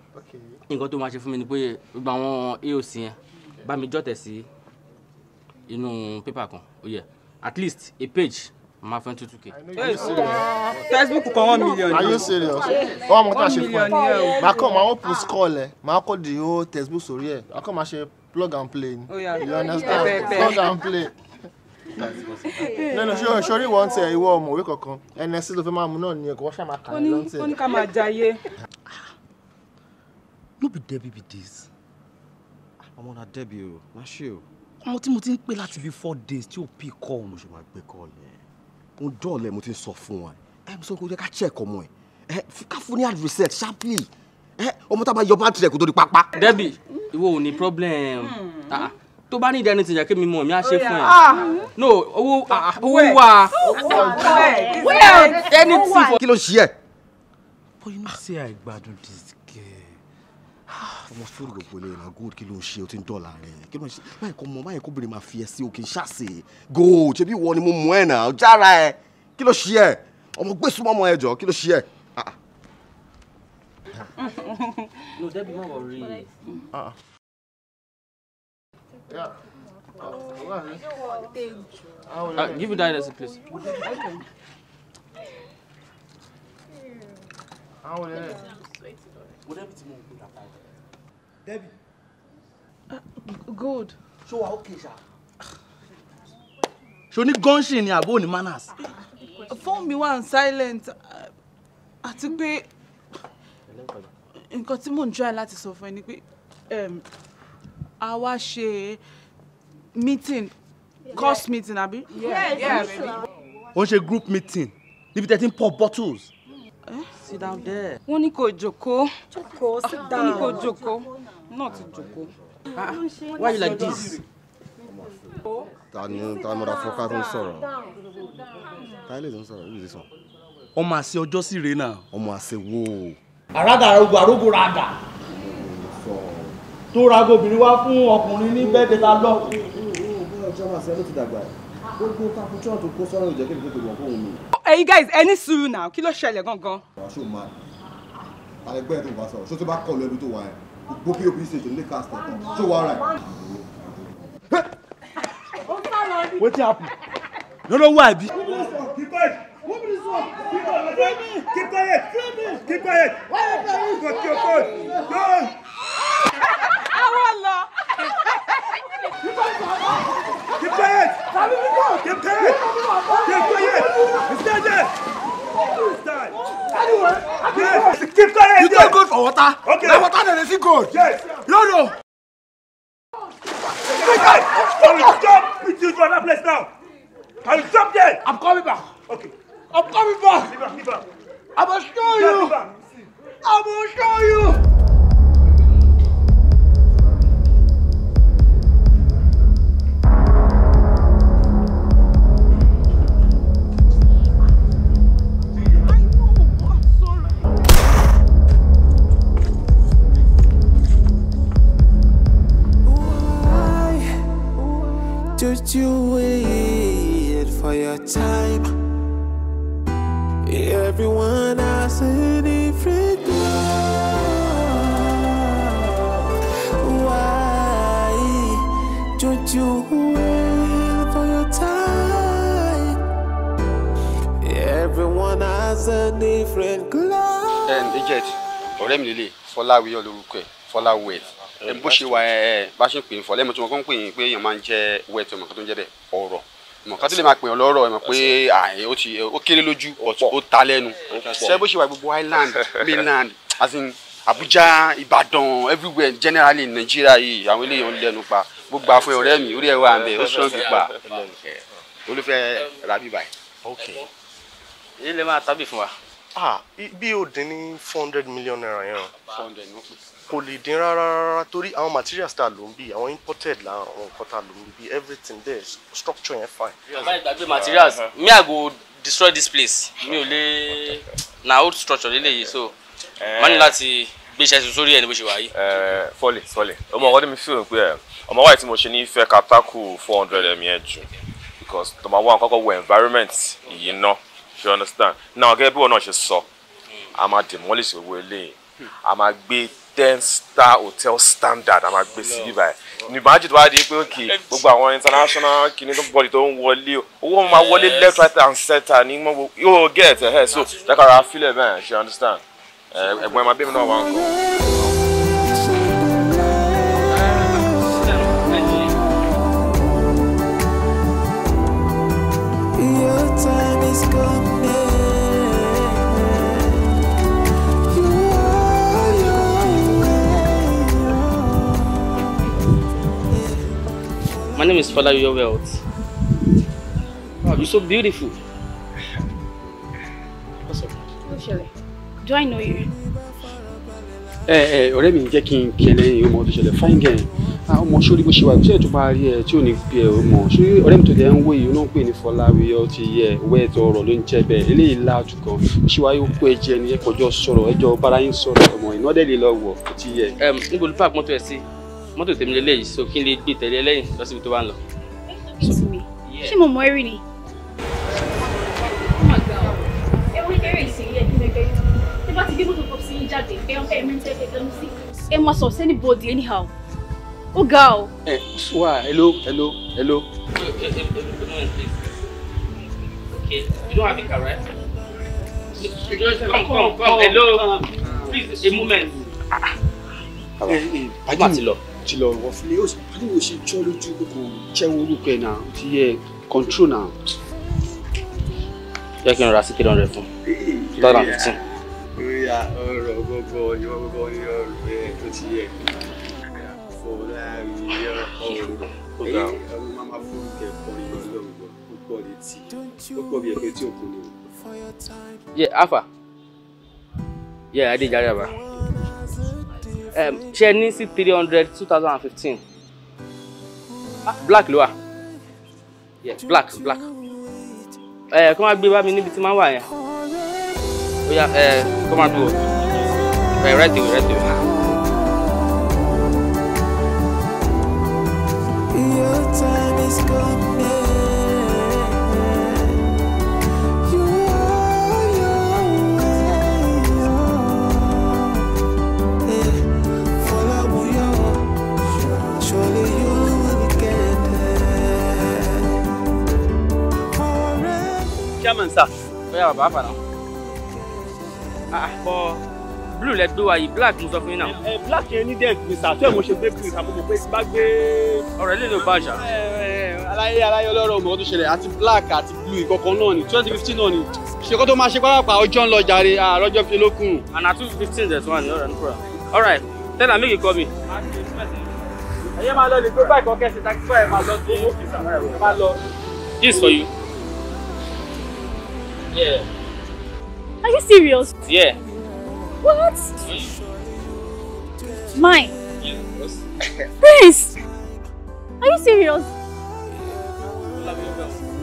nǹkan tó máa ṣe fún mi ni pé gbogbo àwọn aoc yẹn bá mi jọ́tẹ̀ sí inú pépà kan ó oh, yẹ at least a page ma fẹ́ tuntun ke. facebook kan one million. are you serious. One million. tá a ṣe fún ẹ. màá kọ́ màá open score lẹ̀ màá kọ́ the whole textbook sórí ẹ̀ màá kọ́ màá ṣe plug and play. Oh, yeah. You oh, understand? plug and play. nínú sori wọn tẹ ìwọ ọmọ òwe kankan ẹni ẹsẹ ló fẹ́ máa mú náà ni ẹkọ wáṣà máa kà ní lọ́ntẹ. ó ní ká máa jayé. no be debi be this ọmọ na debi o na ṣe o ọmọ tí mo ti ń pè láti bí four days tí ò pí kọ́ ọ̀hún. mo ṣe máa gbé kọ́ ọ̀lẹ́ mo dọ̀ọ̀lẹ́ mo ti ń sọ fún wa ẹ mo sọ pé ó yẹ ká check ọmọ ẹ ká fún ní research sharply ọmọ tá a máa yọ bá tirẹ̀ kó tó di pápá. debi ìwọ ò ní problem hmm. ah, tó bá ní ìdẹ́ni tìjà kí mi mọ̀ mi á ṣe oh, fún ẹ ah. no owó ah, owó wà ẹni tí fọ. kí ló ṣe ẹ. but you know say i gbádùn this girl. ọmọ sórí gbogbo ilé ìlànà gold kí ló ń ṣe o ti ń dọ̀là rẹ̀ kí ló ń ṣe báyìí kò mọ báyìí kò bèrè máa fi ẹ sí òkè ṣáàṣì gold ṣebí ìwọ ni mo mú ẹ náà jára ẹ kí ló ṣe ẹ ọmọ gbèsè mọ́mọ́ ẹ jọ kí ló ṣe ẹ. no, Debbie, no worry. Ah, Yeah. Oh, uh, give me that as a please. Okay. Debbie. Uh, good. So ah, okay, sir. Ṣó ní gunshin in your ní manners. Ah. Phone me, one silent. Uh, àti pé nǹkan tí mò ń try láti sọ fún ẹ ni pé um, a wá ṣe meeting course meeting àbí. ó ń ṣe group meeting níbi tẹ́tí ń pour bottles. Eh, sit down there. wọ́n ní kò jókòó. jókòó sit down. wọ́n ní kò jókòó náà ti jókòó. Ah, why you like this. ta ni ta ni ra fọká tó ń sọ̀rọ̀ ta ilé tó ń sọ̀rọ̀ who is this one. ọmọ àṣẹ ọjọ́ sí rèé náà. ọmọ àṣẹ wo àràdà arógo arógo ràdà tó rago obìnrin wá fún ọkùnrin ní bẹ́ẹ̀dẹ̀ lọ. ẹ̀yin guys ẹni sùúrù náà kí ló ṣẹlẹ̀ gangan. wàásù máa alẹ́gbẹ́ ẹ̀ tó bá sọ̀rọ̀ ṣó tó bá kọ̀ lẹ́nu tó wà ẹ̀ gbogbo pop stage ní cast ẹ̀ ṣó wà rà wetin happen? no know why Who is this Keep quiet. Keep quiet. Got your phone. Go. Àwọn lọ. Keep quiet. Keep quiet. Keep quiet. Stand there. Stand. Anyway. Yes. Keep quiet. You don't go for water. Okay. Na water dey see gold. Yes. No no. Keep quiet. Stop. Stop. You go another place now. I will stop there. I'm coming back. Okay. I'm coming back. back, back. I'm going to show you. I'm going to show you. Just you wait for your time Everyone has a different love. Why don't you wait for your time? Everyone has a different love. And Ijet, ọ̀rẹ́ mi lele, Fọláwíyọ̀ lorúkọ ẹ̀, Fọláwẹ̀. Bó ṣe wà ẹ̀ bá ṣe pè é fọ́ lẹ́mọ̀tí wọn kàn ń pè é pé èèyàn máa ń jẹ́ wẹ̀ tó mọ̀ kó ń jẹ́ bẹ́ẹ̀ ọ̀rọ̀ mọ kátó lè máa pè ọ lọ́rọ̀ ẹ mọ̀ pé ó kéré lójú ó ta lẹ́nu ṣé bó ṣe wà gbogbo island mainland Abuja Ìbàdàn everywhere generally Nàìjíríà yìí àwọn eléyìí ń lẹ́nu pa gbogbo àfọ ọ̀rẹ́ mi orí ẹ wà mẹ ó sọ̀rọ̀ pa olùfẹ́ rabi báyìí. ilé máa tábì fún wa. Ah, bí o dín ní four hundred million naira yẹn o. four hundred ní o pè kò lè dín rárá rárá torí àwọn materials tá a lò ń bí àwọn imported la àwọn nǹkan tá a lò ń bí everything there structure yẹn fine. bàbá ìgbàgbé materials me i go destroy this place mi ò lè na old structure lélẹ́yìí so eh, wọ́n ní láti gbé iṣẹ́ tuntun sórí ẹ̀ ní bó ṣe wà yìí. fọ́lẹ̀ eh, fọ́lẹ̀ ọmọ ọ̀gá mi fíìmù pé eh, ọmọ wáyé tí mo ṣe ní fẹ́ ká four hundred m e yẹn jù because tọ́mọ àwọn àkọ́kọ́ wọ environment yìí ná you understand now gẹ́gẹ́ bí wọn náà ṣe sọ a máa demolish owó eléyìí a máa gbé ten star hotel standard àmà gbé sí bíbá ẹ̀ ní ìmájì tó bá di pé òkè gbogbo àwọn international kìíní tó bọ̀dì tó ń wọlé owó máa wọlé left right and center ní gbogbo yóò get ẹ̀ eh, so dákàrà fílẹ̀ bẹ́ẹ̀ ṣe understand ẹ̀gbọ́n ẹ̀ máa bí mi náà wà ń My name is Fala Your Wealth. Wow, you're so beautiful. What's up? Usually, oh, Do I know you? Eh, eh. ọ̀rẹ́ mi ń jẹ́ kí n kẹlẹ́ yín ọmọ tó ṣẹlẹ̀ fáyín gẹ̀ẹ́n ah, ọmọ sórí bó ṣe wà ìgbésẹ̀ tó bá rí ẹ tí ò ní bí ẹ ọmọ sórí ọ̀rẹ́ mi tó lẹ́ ń wé yìí náà ń pè ní fọláwí ọ ti yẹ wẹ́ẹ̀tọ̀ ọ̀rọ̀ ló ń jẹ́ bẹ́ẹ̀ eléyìí láàtú kan bó ṣe wáyé ó kó ẹjẹ ẹni mọ́tò tèmi lélẹ́yìí so kí n lè gbé tẹ̀lé lẹ́yìn lọ síbi tó bá ń lọ. ṣé mo mọ eré ni. ẹ máa sọ sẹ́ni bọ́ọ̀dì anyhow ó ga o. ẹ wá hello hello hello. Okay, you don't have the car, right? Come, come, come, hello. Please, a moment. Ah, ah. Bàbá ti lọ ti lọ wọ fún mi sì jọ lójú kókò jẹ́wọ́ orúkọ ẹ̀ náà ti yẹ control náà. jẹ́ kí n ra sí three fún two thousand fifteen. oríyá ọ̀rọ̀ gbogbo ìwọ gbogbo ní ọ̀rọ̀ tó ti yẹ fọláàrí ọ̀rọ̀ ọgá ọmọ máma fún kẹfọ ìwọ lọ́wọ́ ó pọ̀ létí ó pọ̀ bí ẹgbẹ́ tí òkú ni. yẹ afa yẹ adé jáde àbá. Um, ṣe ní sí three hundred two thousand and fifteen ah, black ló wà yeah black black ẹ eh, kó máa gbé bá mi níbi tí máa wà yẹn ó yà ẹ kó máa gbé o right, rẹ́tìwé rẹ́tìwé. chairman sir. bóyá bàbá àfàlà. àkọ ah, ah, blue let's do a black mo sọ fún now. Eh, eh, black yẹn ní dẹ́ẹ̀ gbèsè àtọ́ ẹ̀ mo ṣe gbé blue àmọ́ pé bá gbé. ọ̀rọ̀ ilé ló bá àṣà. Eh, aláyé aláyé ọlọ́rọ̀ ọmọ tó ṣẹlẹ̀ àti black àti blue ìkọ̀kan náà ni twenty fifteen náà ni to kó tó máa ṣe pàápàá ọjọ́ ń lọ jàre àrọ́jọ́ ah, fi lókun. àná two fifteen dẹ̀ tún wà ní ọ̀rẹ́ nípa. all right tell am make you call me. ẹ̀yẹ́ máa lọ ní pé báyìí kọ́kẹ́ ṣe taxi fire máa lọ sí ọ́fíìsì this for you. Yeah. Are you serious? Yeah. What? Mm. Mine? Yeah, Prince! Are you serious?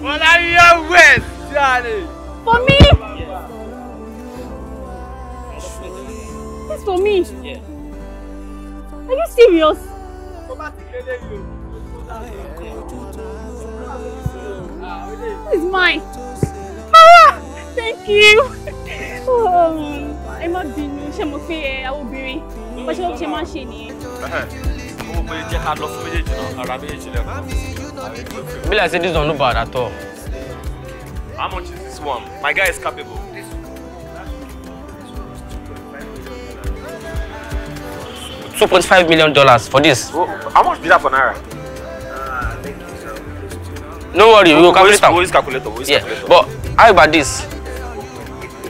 What are you with, For me? Yeah. It's for me? Yeah. Are you serious? It's mine. thank you. Oh, ẹ má bínú ṣé mo fi ẹ àwọn obìnrin bá ṣe wọ́n ṣe máa ń ṣe nìyẹn. owó pé jẹ́ ká lọ fún méjèèjì náà ara méjèèjì lẹ́kọ̀ọ́. Bill, I say this one no bad at all. How much is this one? My guy is capable. Two point five million dollars for this. Oh, how much be that for naira? no worry, we will calculate. Always yeah, but how about this?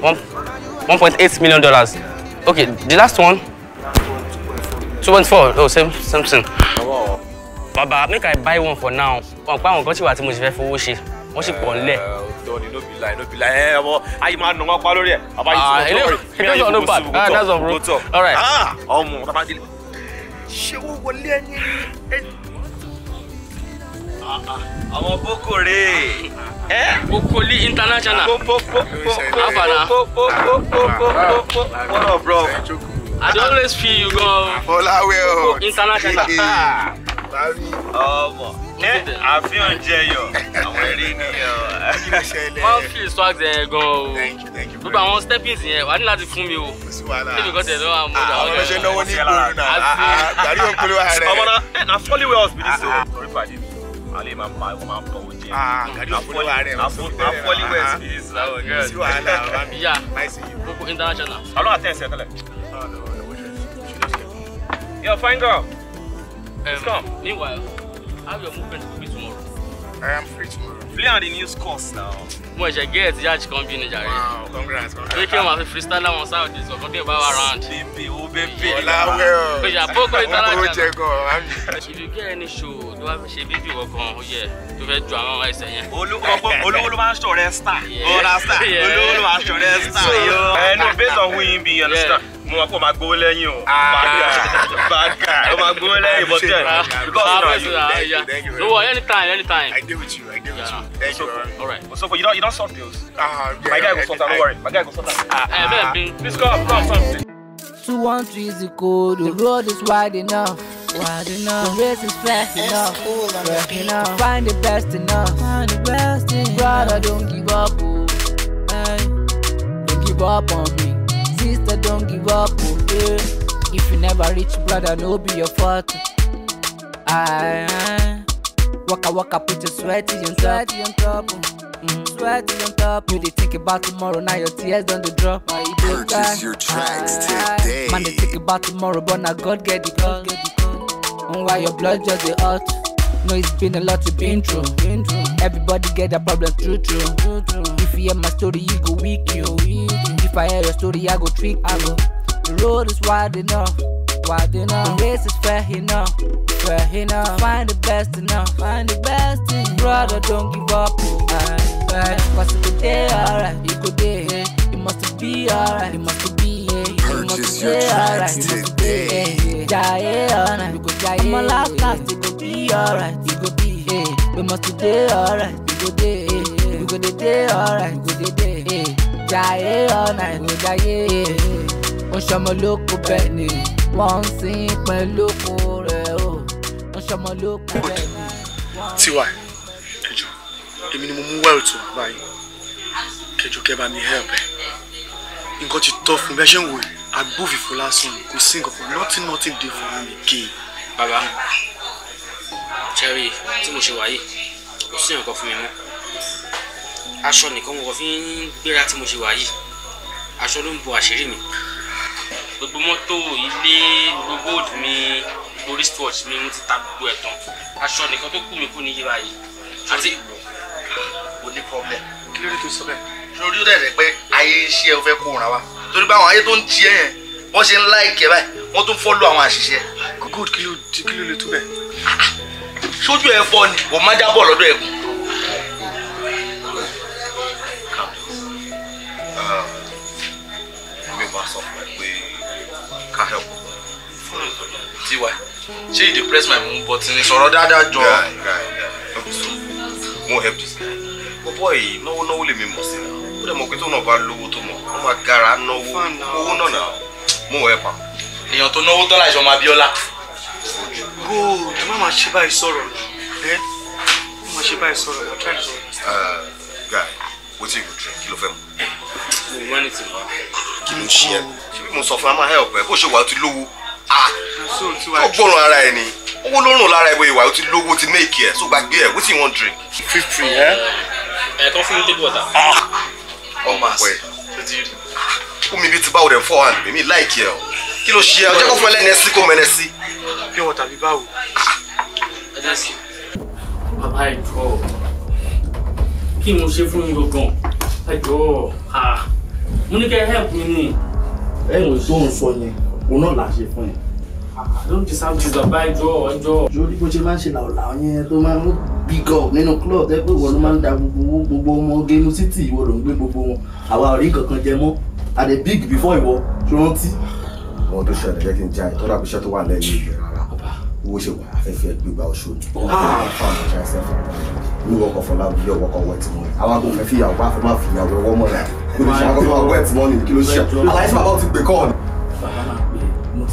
One, $1.8 million. dollars. Okay, the last one? 2.4. Oh, same, same thing. Wow. Baba, make I buy one for now. Wọ́n pa àwọn nǹkan tí wà tí mo sì fẹ́ fowó What's it sì pọ̀ nílẹ̀. Ọ̀dọ́ ni no be lie, no be lie. Eh, Ẹ ọmọ ayé máa nà wọ́n pa lórí ẹ̀. Bàbá yìí sọ̀rọ̀ lórí. Mi àyè kò sùn kò tọ̀. All right. Ah, ọmọ bàbá délé. Ṣé o wọlé ẹni ẹni ọmọ boko re okoli international abana one of bro i dey always feel you go boko international ọmọ àfihàn jẹyọ àwọn eré nìyẹn wọn fi swags yẹn gan o gbogbo àwọn steppings yẹn wà ní láti fún mi o níbi kan tẹ̀lé wa mú ah, àwọn ọmọ ṣe náwó ní ìgboro náà àgbàdo òǹkólówó rẹ ọmọ náà na folly wells be this o alẹ́ máa ń pa ó máa ń pọ̀ oúnjẹ. àgàdì òfurufú ààrẹ wọn sọ fún mi. àfọlí west ah, is our girl. sí wàhálà ọ̀rá mi. yà gbogbo international. alọ́ àtẹ̀ ẹ̀sẹ̀ tẹ́lẹ̀. Yo, fine girl. Um, Stop. Meanwhile, how your movement will be tomorrow? I am free tomorrow. Play on the news course now mo ṣe get yacht company jàre. wow congrats congrats. pé kí wọn máa fi freestyle àwọn saudi sọ fún bí ẹ bá wà round. bèbè o bèbè ọláwẹ o. o yà bó kó ìtara jà. o jẹ gan ami. if you get any show tó bá fi ṣe fídíò kankan ó yẹ tó fẹ́ ju àwọn ẹsẹ̀ yẹn. olówó ló máa ń ṣọ̀rẹ́ star. ọ̀rá star olówó ló máa ń ṣọ̀rẹ́ star. ẹnu based on who you be understand mo mọ̀ pé gbowó lẹ́yìn o ah. bàgà o máa gbowó lẹ́yìn but then ah. because you know you no worry anytime anytime. I you don you don sort deals. Ah, my guy go sort am no worry my guy go sort am. Eh, please come come come. two one three is the code the road is wide enough. Wide enough. The race is fast enough. Cool, enough. Find the best enough. Find the best enough. Brother, don't give up. Oh. Hey. Don't give up on me. they don't give up, oh, yeah. If you never reach, brother, no be your fault. I waka waka, put your sweaty on top. Sweat on top. Mm. sweaty on top. You they oh. think about tomorrow, now your tears don't they drop. Why you Purchase God? your tracks Aye. today. Man, they think about tomorrow, but now God get the call. And why your blood just the out. No, it's been a lot to been through. Been through. Everybody get a problem, true, true. true, true. If you hear my story, you go weak, you. If I hear your story, I go trick, I go. The road is wide enough, wide enough. The race is fair enough, fair enough. Find the best enough, find the best. In. Brother, don't give up. Alright, alright. Pass it alright. You go there, it must be alright. It must be just your try today. Jaye alright, we go jaye. My last class, it go be alright, it go be. We must today alright, we go day. We go day day alright, we go day day. Yeah. Jaye alright, we jaye. Wọ́n ṣọmọ lóko bẹ́ẹ̀ ni, wọ́n ń sin pẹ̀lú lóko rẹ̀ o. Wọ́n ṣọmọ lóko bẹ́ẹ̀ ni. Tiwa, ẹjọ́, èmi ni mo mú wẹ́ẹ̀lì tó wà báyìí. Kẹjọ ni help ẹ̀. Nǹkan ti tọ́ fún mi, ṣe ń wò agbófinfo lásán ni kò sí nǹkan kan nothing nothing dey for am again. bàbá cherry tí mo ṣe wà yìí kò sí nǹkan fún mi mọ́ aṣọ nìkan mo kàn fi ń gbéra tí mo ṣe wà yìí aṣọ ló ń bo àṣírí mi gbogbo mọ́tò ilé gbogbo òdì mi wristwatch mi mo ti ta gbogbo ẹ̀ tán aṣọ nìkan tó kù mí kú níyì báyìí àti mo ní problem. kí ló dé tó sọ bẹ́ẹ̀. lórí rẹ̀ rẹ̀ pé ayé iṣẹ́ ẹ fẹ́ kó ra wa torí pé àwọn ayé tó ń ti yẹn wọ́n ṣe ń láìkì báyìí wọ́n tún fọ́lù àwọn àṣìṣe. good kí ló kí ló lè tó bẹ́ẹ̀. sójú ẹ fọ ni kò má jábọ̀ lọ́dọ̀ ẹ kù. mi ò máa sọ fún ẹ pé ká help fún ìtọ́jú. tiwa ṣé you dey press my mum button. sọ̀rọ̀ dáadáa jọ. mo help this guy. bọ́bọ́ yìí náwó náwó lèmi mọ̀ sí i ó dẹ̀ mọ̀ pé tóun náà bá lówó tó mọ̀ wọ́n máa gara náwó owó náà náà mú wọ́n ẹ̀ pa. èèyàn tó náwó tán láìsọ ọmọ Abíọ́lá. bro ẹ má máa ṣe báyìí sọ̀rọ̀ ẹ má máa ṣe báyìí sọ̀rọ̀ ẹ try to. guy wetin you go drink kí ló fẹ́ mu. mo máa ní ti mọ. kí ló ṣe ẹ ṣé bí mo sọ fún ẹ máa help ẹ bó ṣe wà á ti lówó ah! ó gbọ́ràn ara ẹ ni owó ló rùn lára ẹ bóyá ìwà ó ti lówó ti méèkì ẹ so gbàgbé ẹ wetin you wan drink. fifty ẹ. ẹ kọ́ fún mi table water. Ah! ọmọ àṣẹ ti rí omi bíi ti báwo dẹ̀ fọ́ hàn mímí láìkí ẹ̀ o kí ló ṣe ẹ ọjọ́ kó fún ẹlẹ́ni ẹsí kó mẹ́ni ẹsí. bí wọn tàbí báwo. bàbá ìjọ kí mo ṣe fún yín gangan ìjọ ah, mo ní kẹ́ help mi ni. ẹ̀ ń sọ ń sọ yẹn òun náà là á ṣe fún yẹn. I don't deserve this bàbá ìjọ ọjọ́. lórí bó ṣe máa ń ṣe làwòlàwò yẹn tó máa ń big up nínú club tẹ́ pé ìwọ ló máa ń da gbogbo gbogbo ọmọ gẹ́nu títì ìwọ ló ń gbé gbogbo wọn àwa ò rí kankan jẹ mọ́ àdè big before ìwọ tó rántí. àwọn tó ṣẹlẹ̀ jẹ́ kí n já ẹ̀ tọ́lá àbíṣẹ́ tó wà lẹ́yìn ìgbẹ́ rárá owó ṣe wà afẹ́fẹ́ gbígba oṣù wíwọkọ̀ fọlá bí ọwọ́kọ̀ wẹ̀ tí mọ́ni àwọn agbóhùn fẹ́fẹ́ ìyàwó bá fẹ́ máa fi ìyàwó ọwọ́ mọ́ni olùṣàkóso wẹ̀ tí mọ́ni kí ló ṣe àlàyé sábà bá ti gbé kọ́ ọ̀nà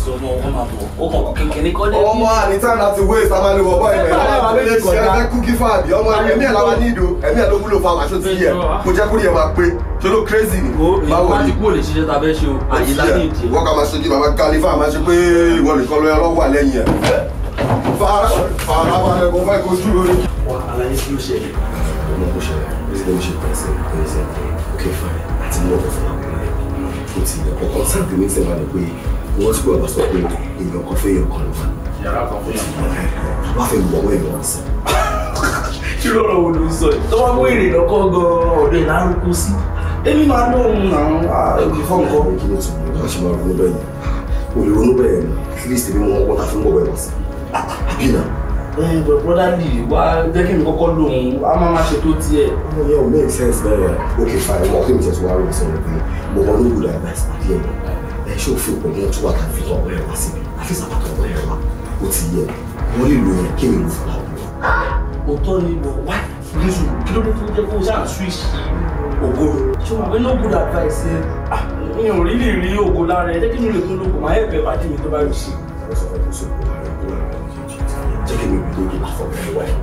sí ọmọ wọn máa bọ̀ ó kàn kékeré kọ́ lẹ́yìn. ọmọ àní time láti waste ọmọ àti ilé ṣe ẹgbẹ́ kúkí fáàbì ọmọ ló wúlò fáwọn aṣọ ti yẹ kó jẹ́ kúrò yẹ máa pé ṣé crazy ni. o ìwà o àyè láti wọ́n ká máa ṣojú bàbá kálífà máa ṣe pé ìwọ nìkan ló yẹ lọ́wọ́ wà fara fara wà lẹ́kọ̀ọ́ fẹ́ kó dúró wà á láyé kí ló ṣẹlẹ̀ ọmọ kò ṣẹlẹ̀ bísí lè ṣe pẹ̀sẹ̀ pẹ̀sẹ̀ ok fine àti mú ọkọ̀ fún àwọn ọmọ rẹ̀ kó ti yẹ kọ́kọ́ sáà wọ́n sì gbọ́dọ̀ sọ pé èèyàn kan fẹ́ yẹn kan ló wà. yàrá kan fẹ́ yẹn kan. wọ́n á fẹ́ gbọ́ wọ́n èèyàn sí. irú ọ̀rọ̀ wo ló ń sọ yìí tó bá mú èrè lọ́kọ́ gan-an ọ̀dọ̀ ìlárúkú sí. èmi máa ń lóhun àwọn ìfọ̀ nǹkan. èmi ló ti mú un láti máa bẹ́ẹ̀ ni olè ronú bẹ́ẹ̀ kírísítì bí wọ́n wọ́n ta fún gbọ́gbọ́ ẹ̀wọ̀n sí. àbínà. bọ̀dá lì wá ẹ ṣe òfin òpin yẹn tó wà láti fi lọ ọ̀rẹ́ wa síbi àfi sàpàtà ọ̀rẹ́ wa ó ti yẹ wọ́n lè lo yẹn kí mi lò fún wa. òótọ́ ni mo wá yíṣu kí ló dé tó jẹ́ kó sáà switch ògo ṣé wàá pé no good advice ẹ ah, mi ò rí lè rí ògo lára ẹ jẹ́ kí mi lè tún lóko màá yẹ bẹ̀ bàdí mi tó bá yọ̀ sí. àwọn sọ fẹ́ kó sọ ògo lára ògo lára ẹ̀ jẹ́ kí mi bí lójú láfọ̀ mẹ́rin wáyé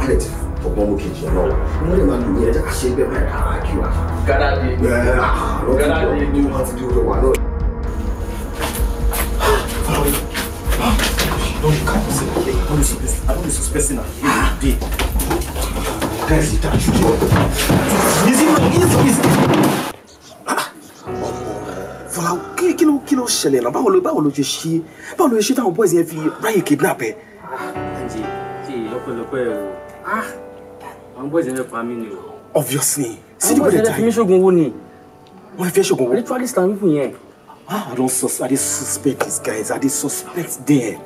àárẹ̀ ti fọgbọ́n mú kejì ẹ̀ náà wọ́n lè máa lò ní ẹja àṣẹ bẹ́ẹ̀ báyìí àrà kí wa. gádà dé ah, gádà dé ni wọ́n ti di ọjọ́ wa náà. don't be suspecting. I don't be suspecting her. Every day. Guys, it has you. Is it not? Is it? Fọlá kí kí ló kí ló ṣẹlẹ̀ náà báwo ló báwo ló ṣe ṣe báwo ló ṣe táwọn boys yẹn fi ráyè kidnap ẹ. Ǹjẹ́ ṣe lọ́pọ̀lọpọ̀ ẹ̀ o? Àwọn boys yẹn pa mí ni o. Obviously. Sídìí bọ̀dẹ̀ táyé. Àwọn boys yẹn fi mí ṣoògùn owó ni. Wọ́n fi ẹ́ ṣoògùn owó. Ritualist àwọn people yẹn. Ah, I don't sus I dey suspect these guys. I dey suspect them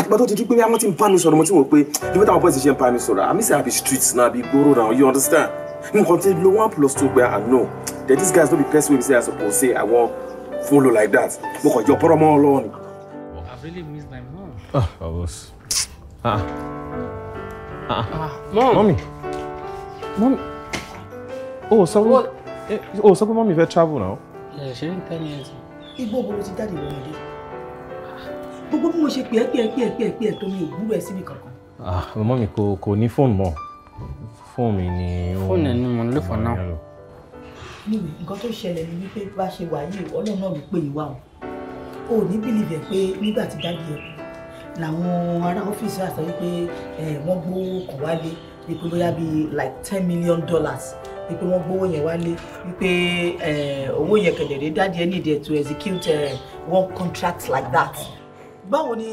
àtìgbà tó ti di bí àwọn ti ń bá mi sọ̀rọ̀ mo ti wò pé ibi táwọn boys ṣe ń bá mi sọ̀rọ̀ àmì sẹ́ àbí streets náà àbí gbòòrò náà you understand nǹkan tí lo one plus two gba and ah, that these guys no be person wey be say I suppose say I wan follow like that mo kàn jọ pọ́nrọ́ mọ́ ọ lọ́wọ́ ni. I really miss my mom. Ah, babos. Ah. Ah. ah. ah. ah mom. Mommy. Mommy. Oh, so what? Eh, oh, so fẹ́ travel now. Yeah, she didn't tell me anything. Igbó bo ló ti jáde wọlé gbogbo bí mo ṣe pè é pè é pè é tó mi ò gbúrò ẹ síbi kankan. Ah, mọ́ mi kò kò ní fóònù mọ́ fóònù mi ni. fóònù ẹ̀ ni mo ń lò fún náà. níwèé nǹkan tó ṣẹlẹ̀ ni wípé bá ṣe wà yìí ọlọ́run náà ló pè yín wá o ò ní bìlìbì ẹ̀ pé nígbà tí dáàbì ẹ̀ kú làwọn ará ọ́fíìsì wa sọ wípé wọ́n gbówó kàn wálé wípé bóyá bíi like ten million dollars wípé wọ́n gbówó yẹn wálé wípé owó yẹn kẹ̀dẹ̀dẹ̀ dáàbì ẹ̀ nìdí ẹ̀ to execute one contract like that báwo ni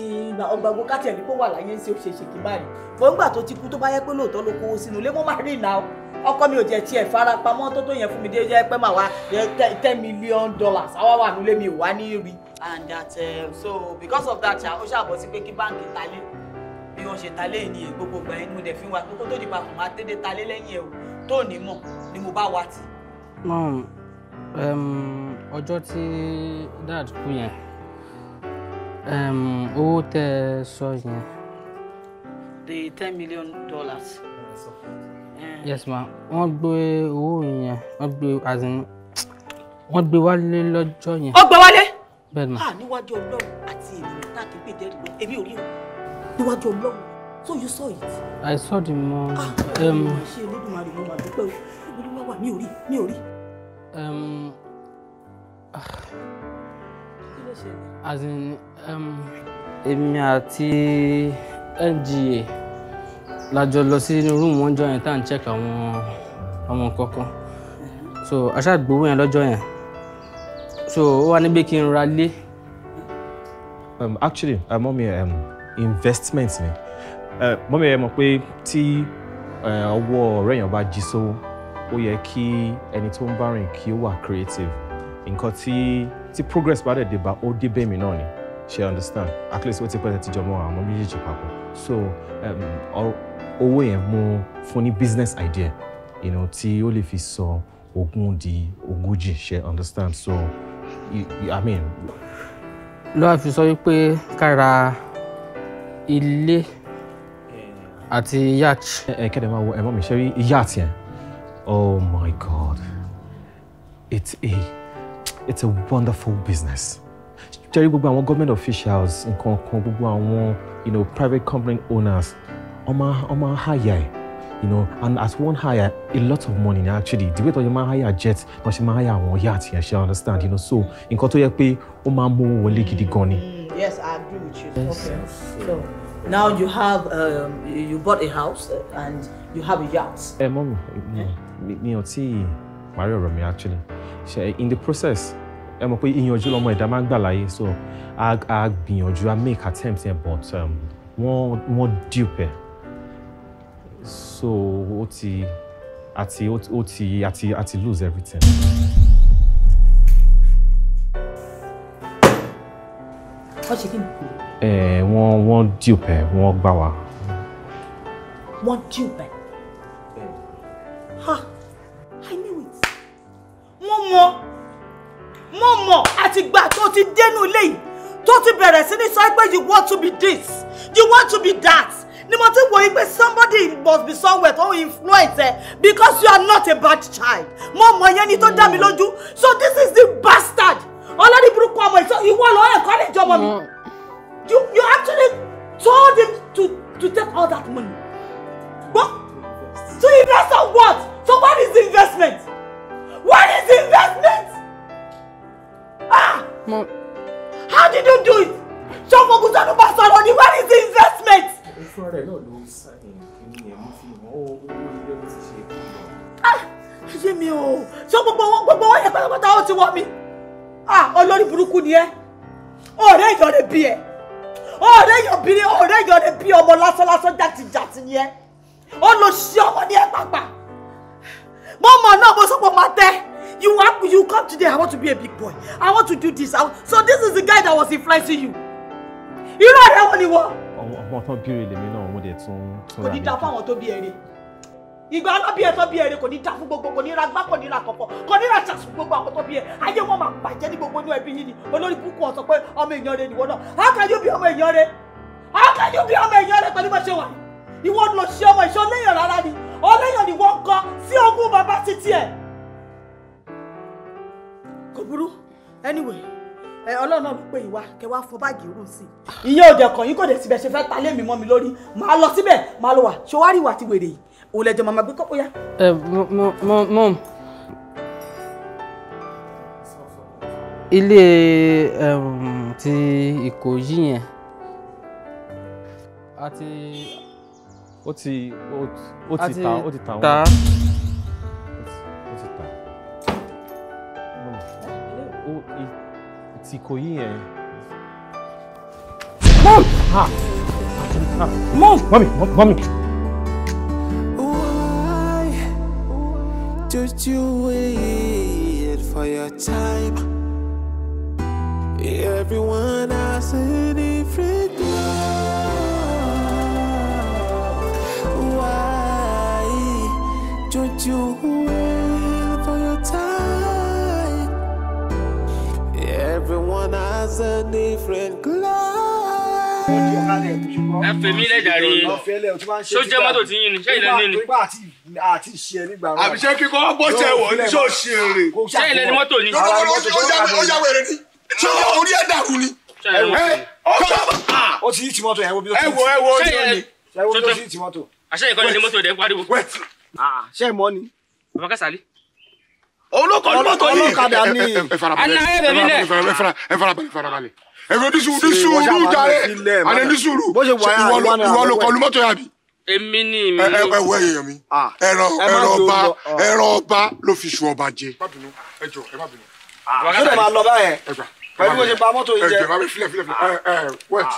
ọgbà gbogbo káàtì ẹ̀mí kó wà láyé ń ṣe ṣe ṣèkí báyìí fún ìgbà tó ti kú tó bá yẹ pé lóòótọ́ ló kówó sínú ilé mo máa rí ìná ọkọ mi ò jẹ tiẹ̀ fara pamọ́ tó tó yẹn fún mi dé pé màá wá ten million dollars àwa wà nílé mi ò wá ní rí. and that uh, so because of that um, ó ṣàbọ̀ sí pé kí báńkì ta lé bí wọ́n ṣe ta lé ní gbogbo ìgbà yẹn ni mo dẹ̀ fi wá kókó tó di papọ̀ máa dédé ta lé lẹ́yìn ẹ̀ o tó ní mọ̀ ni mo bá wa tì. mom um, ọjọ́ tí dad kú yẹn Um, outra sonha. The 10 million dollars. Yes, ma. Wọ́n gbé owó yẹn, wọ́n gbé as in, wọ́n gbé wálé lọ́jọ́ yẹn. Ó gbé wálé. Bẹ́ẹ̀ ma. A níwájú Ọlọ́run àti èmi náà kì í pè jẹ́rìí lọ, èmi ò rí o. Níwájú Ọlọ́run. So you saw it? I saw the mom. Ṣé Olódùmarè mo máa dúpẹ́ o? Olúwa wà mí ò rí, mí ò rí as in um, èmi àti nga la jọ lọ sí inú rúùmù wọn jọ yẹn tá à ń check àwọn àwọn kankan so aṣáàgbówó yẹn lọ́jọ́ yẹn so ó wà níbi kí n ra lé. Um, actually uh, mọ́mi um, investment ni uh, mọ́mi ẹ mọ̀ pé tí uh, ọwọ́ ọ̀rẹ́ yẹn bá jí sówó ó yẹ kí ẹni tó ń bá rìn kí ó wà creative nǹkan tí tí progress bá dẹ̀ dé bá ó dé bẹ́ẹ̀ mi náà ni ṣe understand at least ó ti pẹ́ ti jọmọ àwọn méjèèjì papọ̀ so um, owó yẹn mo fún ní business idea you know, tí ó lè fi sọ ogún di ogójì ṣe understand so you, you, i mean. ló wá fi sọ wípé ká ilé àti yacht. ẹ kẹ́dẹ̀ máa wọ ẹ̀mọ́ mi ṣe rí yacht yẹn oh my god it's a it's a wonderful business Jerry gbogbo àwọn government officials nǹkan kan gbogbo àwọn you know, private company owners ọmọ ọmọ hire ẹ̀ you know and as one hire a lot of money na actually the way tó ṣe máa hire jet tó ṣe máa hire àwọn yacht yẹn ṣe understand you know so nǹkan tó yẹ pé ó máa mú owó wọlé gidi gan ni. Mm, yes i agree with you yes. okay so now you have um, you bought a house uh, and you have a yacht. ẹ eh, mọ eh, eh? mi mi ò tí parí ọ̀rọ̀ mi actually ṣe in the process ẹ mọ̀ pé ìyànjú lọmọ ẹ̀dá máa ń gbà láyé so a gbìyànjú a make attempts yẹn but um, wọ́n wọ́n dupe so ó ti àti ó ti àti àti lose everything. wọ́n ṣe kí ni. ẹ eh, wọ́n wọ́n dupe wọ́n gbà wá. wọ́n dupe. mọ̀ mo mọ̀ àtìgbà tó ti dénú ilé yìí tó ti bẹ̀rẹ̀ sí ní sọ pé you want to be this you want to be that ni mo ti wò yí pé somebody must be somewhere tó influence ẹ because you are not a bad child mo mọ̀ yẹn ni tó dá mi lójú so this is the bastard ọlọ́dún burúkú ọmọ ìtọ́ ìwọ lọ ẹ̀kọ́ lè jọmọ mi you you actually told him to to take all that money. Mom. How did you do it? Ṣọ́fọ̀ Ògùntàn ló bá sọ̀rọ̀ ní where is the investment? Ìfọ̀ rẹ̀ náà ló ń sáyẹn ní ẹ̀mú fi hàn owó ilé ló ti ṣe ah, é. Ṣé mi o? Ṣé gbogbo owó gbogbo owó yẹn pátápátá ó ti wọ́ mi? Ah olórí burúkú ni ẹ́. Ọ̀rẹ́ ìyọ̀rẹ́ bí ẹ̀. Ọ̀rẹ́ ìyọ̀bìnrin ọ̀rẹ́ ìyọ̀rẹ́ bí ọmọ lásán lásán jàtìjàtì ni ẹ́. Ó lọ ṣí ọmọ ní ẹ̀ pàpà. Mọ́mọ́ náà mo sọ pé màá tẹ́. You have, you come today, I want to be a big boy. I want to do this. I, so this is the guy that was influencing you. You know wo ni wọ́n? Ọmọ tán bí èrè lèmi náà, mo dẹ̀ tún tún ra mi. Kò ní dá fún àwọn Ìgbà alábí tó bí èrè kò ní dá gbogbo, kò ní ra gbá, kò ní ra kọ̀kọ̀, kò ní ra ṣàṣù gbogbo àwọn tó bí ẹ̀. Ayé wọn máa bàjẹ́ ní gbogbo inú ẹbí yìí ni. Olórí kúkú ọ̀sán pé ọmọ èèyàn rẹ̀ nìwọ náà. How can you be ọmọ èèyàn rẹ̀? How can you be ọmọ èèyàn rẹ̀ pẹ̀lú bá ṣe wà yìí? Ìwọ lọ ṣe ọmọ ìṣọ́ léèyàn rárá ni. Ọléèyàn ni wọ́n kọ sí ogún bàbá títí ẹ̀ kò burú anyway ẹ ọlọ́run náà ló pè yín wá kẹ wá fọ báàgì òun sí i. ìyẹn òde ọkàn yín kò dẹ̀ síbẹ̀ ṣe fẹ́ ta lémi mọ́ mi lórí màá lọ síbẹ̀ màá lọ wà ṣé wàá rí ìwà àti wèrè yìí òun lẹ́jọ́ màmá gbé kọ́kọ́ yá. ẹ mọ mọ mọ ilé ti Ìkòyí yẹn àti ó ti ó ti ta ó ti ta wọn. Sikoyi, eh? Mom! Ah! Mom! Mommy, mommy! Why did you wait for your time? Everyone has a different love. Why don't you? has a different glory. ẹ fẹ́ mi lẹ jàre ṣó jẹ mọ́tò tí yín ni ṣé ìlẹ ní ni. àti ìṣe àbíṣe kíkọ́ bọ́sẹ̀ wọ̀ ní ṣó èrè. ṣé ìlẹ ní mọ́tò ni. ó yà wẹ̀rẹ̀ ni ṣé orí ẹ̀ dàrú ni. ó ti yí ti mọ́tò yẹn wo bí ó ti yí. ẹ wo ẹ wo ọjọ́ ni. ṣé ìkọ́ni ni mọ́tò rẹ̀ pariwo. Ah. ṣé ìmọ̀ ni. bàbá kásálí òun ló kọlu mọ́tò yìí ọlọ́kadà ni anáyẹ bẹ̀mí lẹ̀ ẹ fara ẹ fara balẹ̀ fara balẹ̀ ẹ fẹ́ ní sùúrù ní sùúrù jàre àlẹ́ ní sùúrù ìwọ ló kọlu mọ́tò yàbí. èmi ni mi ló ẹ wọ èèyàn mi ah, ẹran ẹran ọba ah. ẹran ọba ló fi su ọba jẹ. ẹ jọ ẹ má bínú. wàhálà ah, yìí pẹ̀lú bó ṣe ba mọ́tò yìí jẹ. ẹ jọ ẹ má bẹ filẹ̀ filẹ̀ filẹ̀ ẹ ẹ wẹ́ẹ̀tì.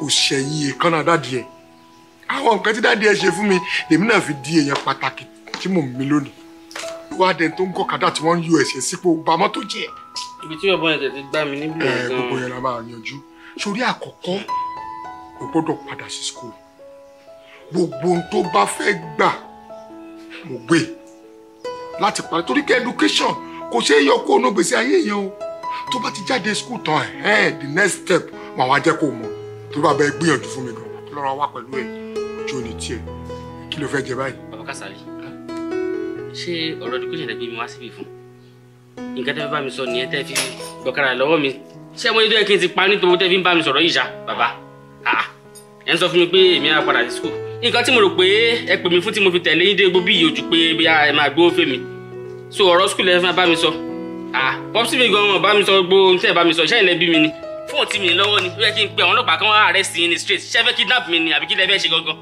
kò ṣẹ̀yìn èkánná dáàdì ẹ̀ àwọn nǹkan tí dáàdì ẹ̀ ṣe fún mi lèmi náà fi di èèyàn pàtàkì tí mò ń mi lónìí wá dẹni tó ń gọ̀kadà tí wọ́n ń yọ ẹ̀sẹ̀ sípò ba mọ́tò jẹ́. ibi tí bàbá ẹ̀jẹ̀ ti gbá mi níbi ẹ̀ gan-an. gbogbo yẹn la máa yanjú sórí àkọ́kọ́ o gbọ́dọ̀ padà sí school gbogbo ohun tó bá fẹ́ gbà mo gbé e láti parí torí pé education kò ṣe é yọ kó o nú gbèsè ayé yẹn o tó bá ti jáde school tán ẹ̀ the next step màá wá jẹ́ kó o mọ̀ tó bàbá ẹ gbìyànjú fún mi gan lọ́rọ̀ wá pẹ̀lú ẹ ojú ò ní tiẹ̀ kí ló fẹ́ jẹ báyìí. bàbá Kásálí ṣé ọ̀rọ̀ education rẹ̀ bí mi wá síbí fún nǹkan tẹ́ fẹ́ bá mi sọ nìyẹn tẹ́ fi gbọ̀kara lọ́wọ́ mi ṣé mo ní tó yẹ kí n ti pa nítorí tẹ́ fi ń bá mi sọ̀rọ̀ yìí ṣá bàbá ah, ẹ̀ ń sọ fún mi pé èmi á padà sí school nǹkan tí mo rò pé ẹ pè mí fún tí mo fi tẹ̀lé yín dé gbogbo yìí ojú pé bí ẹ máa gbówó fèmí so ọ̀rọ̀ school ẹ fẹ́ bá mi sọ ah pọ́psí mi gan-an bá mi sọ gbogbo ohun tí ẹ bá mi sọ ṣáà ilẹ̀ bí mi ni fóònù tí mi lọ́wọ́ ni ó yẹ kí n pe àwọn ọlọ́pàá kan wá arrest yín ní straight ṣé fẹ́ kidnap mi ni àbí kí lẹ ṣe gangan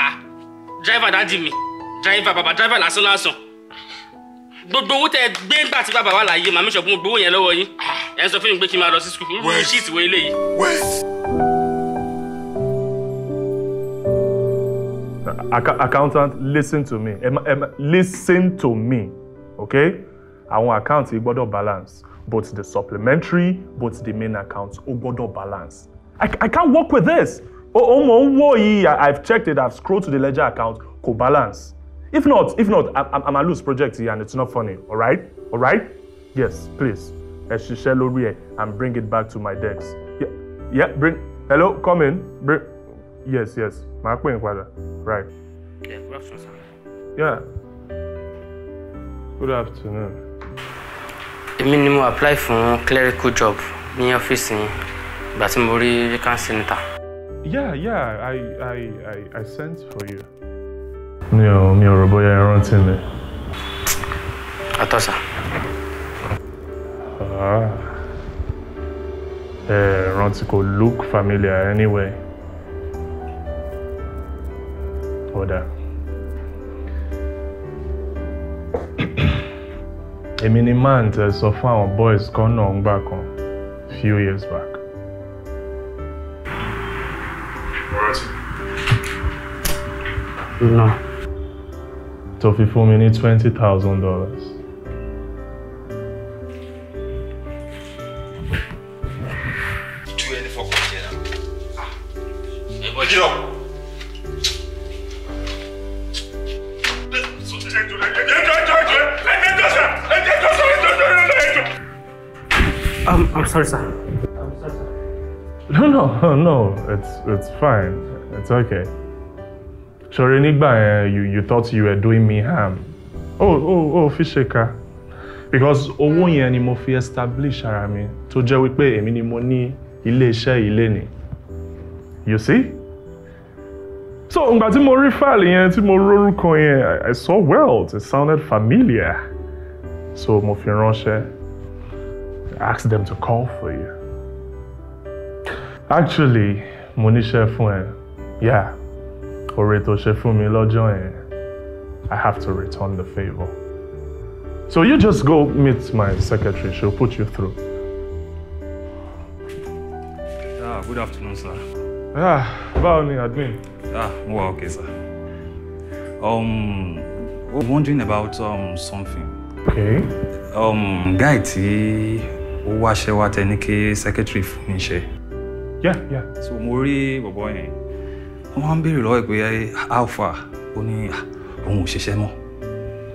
ah driver dáàdì mi driver bàbá driver lásán lásán gbogbo owó tẹ gbé ńgbà tí bàbá wà láàyè màmí ṣọ̀gbọ́n gbowó yẹn lọ́wọ́ yín ẹ sọ fún mi pé kí n máa lọ sí skul irú ṣíìtì wo eléyìí. accountant listen to me ẹ ma listen to me okay àwọn àkáǹtì gbọ́dọ̀ balance both the supplementary, both the main accounts, ó gbọ́dọ̀ balance. I, I can't work with this. Ọmọ ń wò yìí, I've checked it, I've scrolled to the ledger account, kò balance. If not, if not, I'm, I'm a loose project here and it's not funny, all right? All right? Yes, please. Ẹ ṣiṣẹ́ lórí ẹ̀ and bring it back to my desk. Yeah, yeah bring, hello, come in. Bring, yes, yes, màá pè é right. Yeah, good afternoon, sir. Yeah. Good afternoon. èmi ni mo apply fún clerical job ní ọ́fíìsì yẹn ìgbà tí mo rí vacancy níta. yeah yeah i i i i sent for you. mi ò mi ò rò bóyá ẹ rántí mi. àtọ́sà. Ah. ẹ rántí kò look familiar anyway. order. A mini man sọ far àwọn boys gone on back on a few years back. No. Toffee for me need twenty thousand dollars. Um, I'm sorry, sir. I'm sorry, sir. No, no, no. It's it's fine. It's okay. Sorry, eh, you you thought you were doing me harm. Oh, oh, oh, fi Because owó yẹn ni mo fi establish ara mi tó jẹ́ wípé èmi ni mo ní ilé iṣẹ́ ilé ni. You see? So, ǹgbà tí mo rí fáìlì yẹn ti mo rórúkọ yẹn, I saw wealth, it sounded familiar. So, mo fi ránṣẹ́. ask them to call for you. Actually, mo fún Yeah, oore tó ṣe I have to return the favor. So you just go meet my secretary. She'll put you through. Ah, good afternoon, sir. Ah, báwo admin? Ah, mo okay, sir. Um, wondering about um something. Okay. Um, guy ó wáṣẹ́ wá tẹ ní kí secretary fún mi ṣe. yeah yeah. so mo rí bọ̀bọ̀ yẹn wọ́n máa ń béèrè lọ́wọ́ ẹ̀ pé how far ó ní ah, òun ò ṣiṣẹ́ mọ́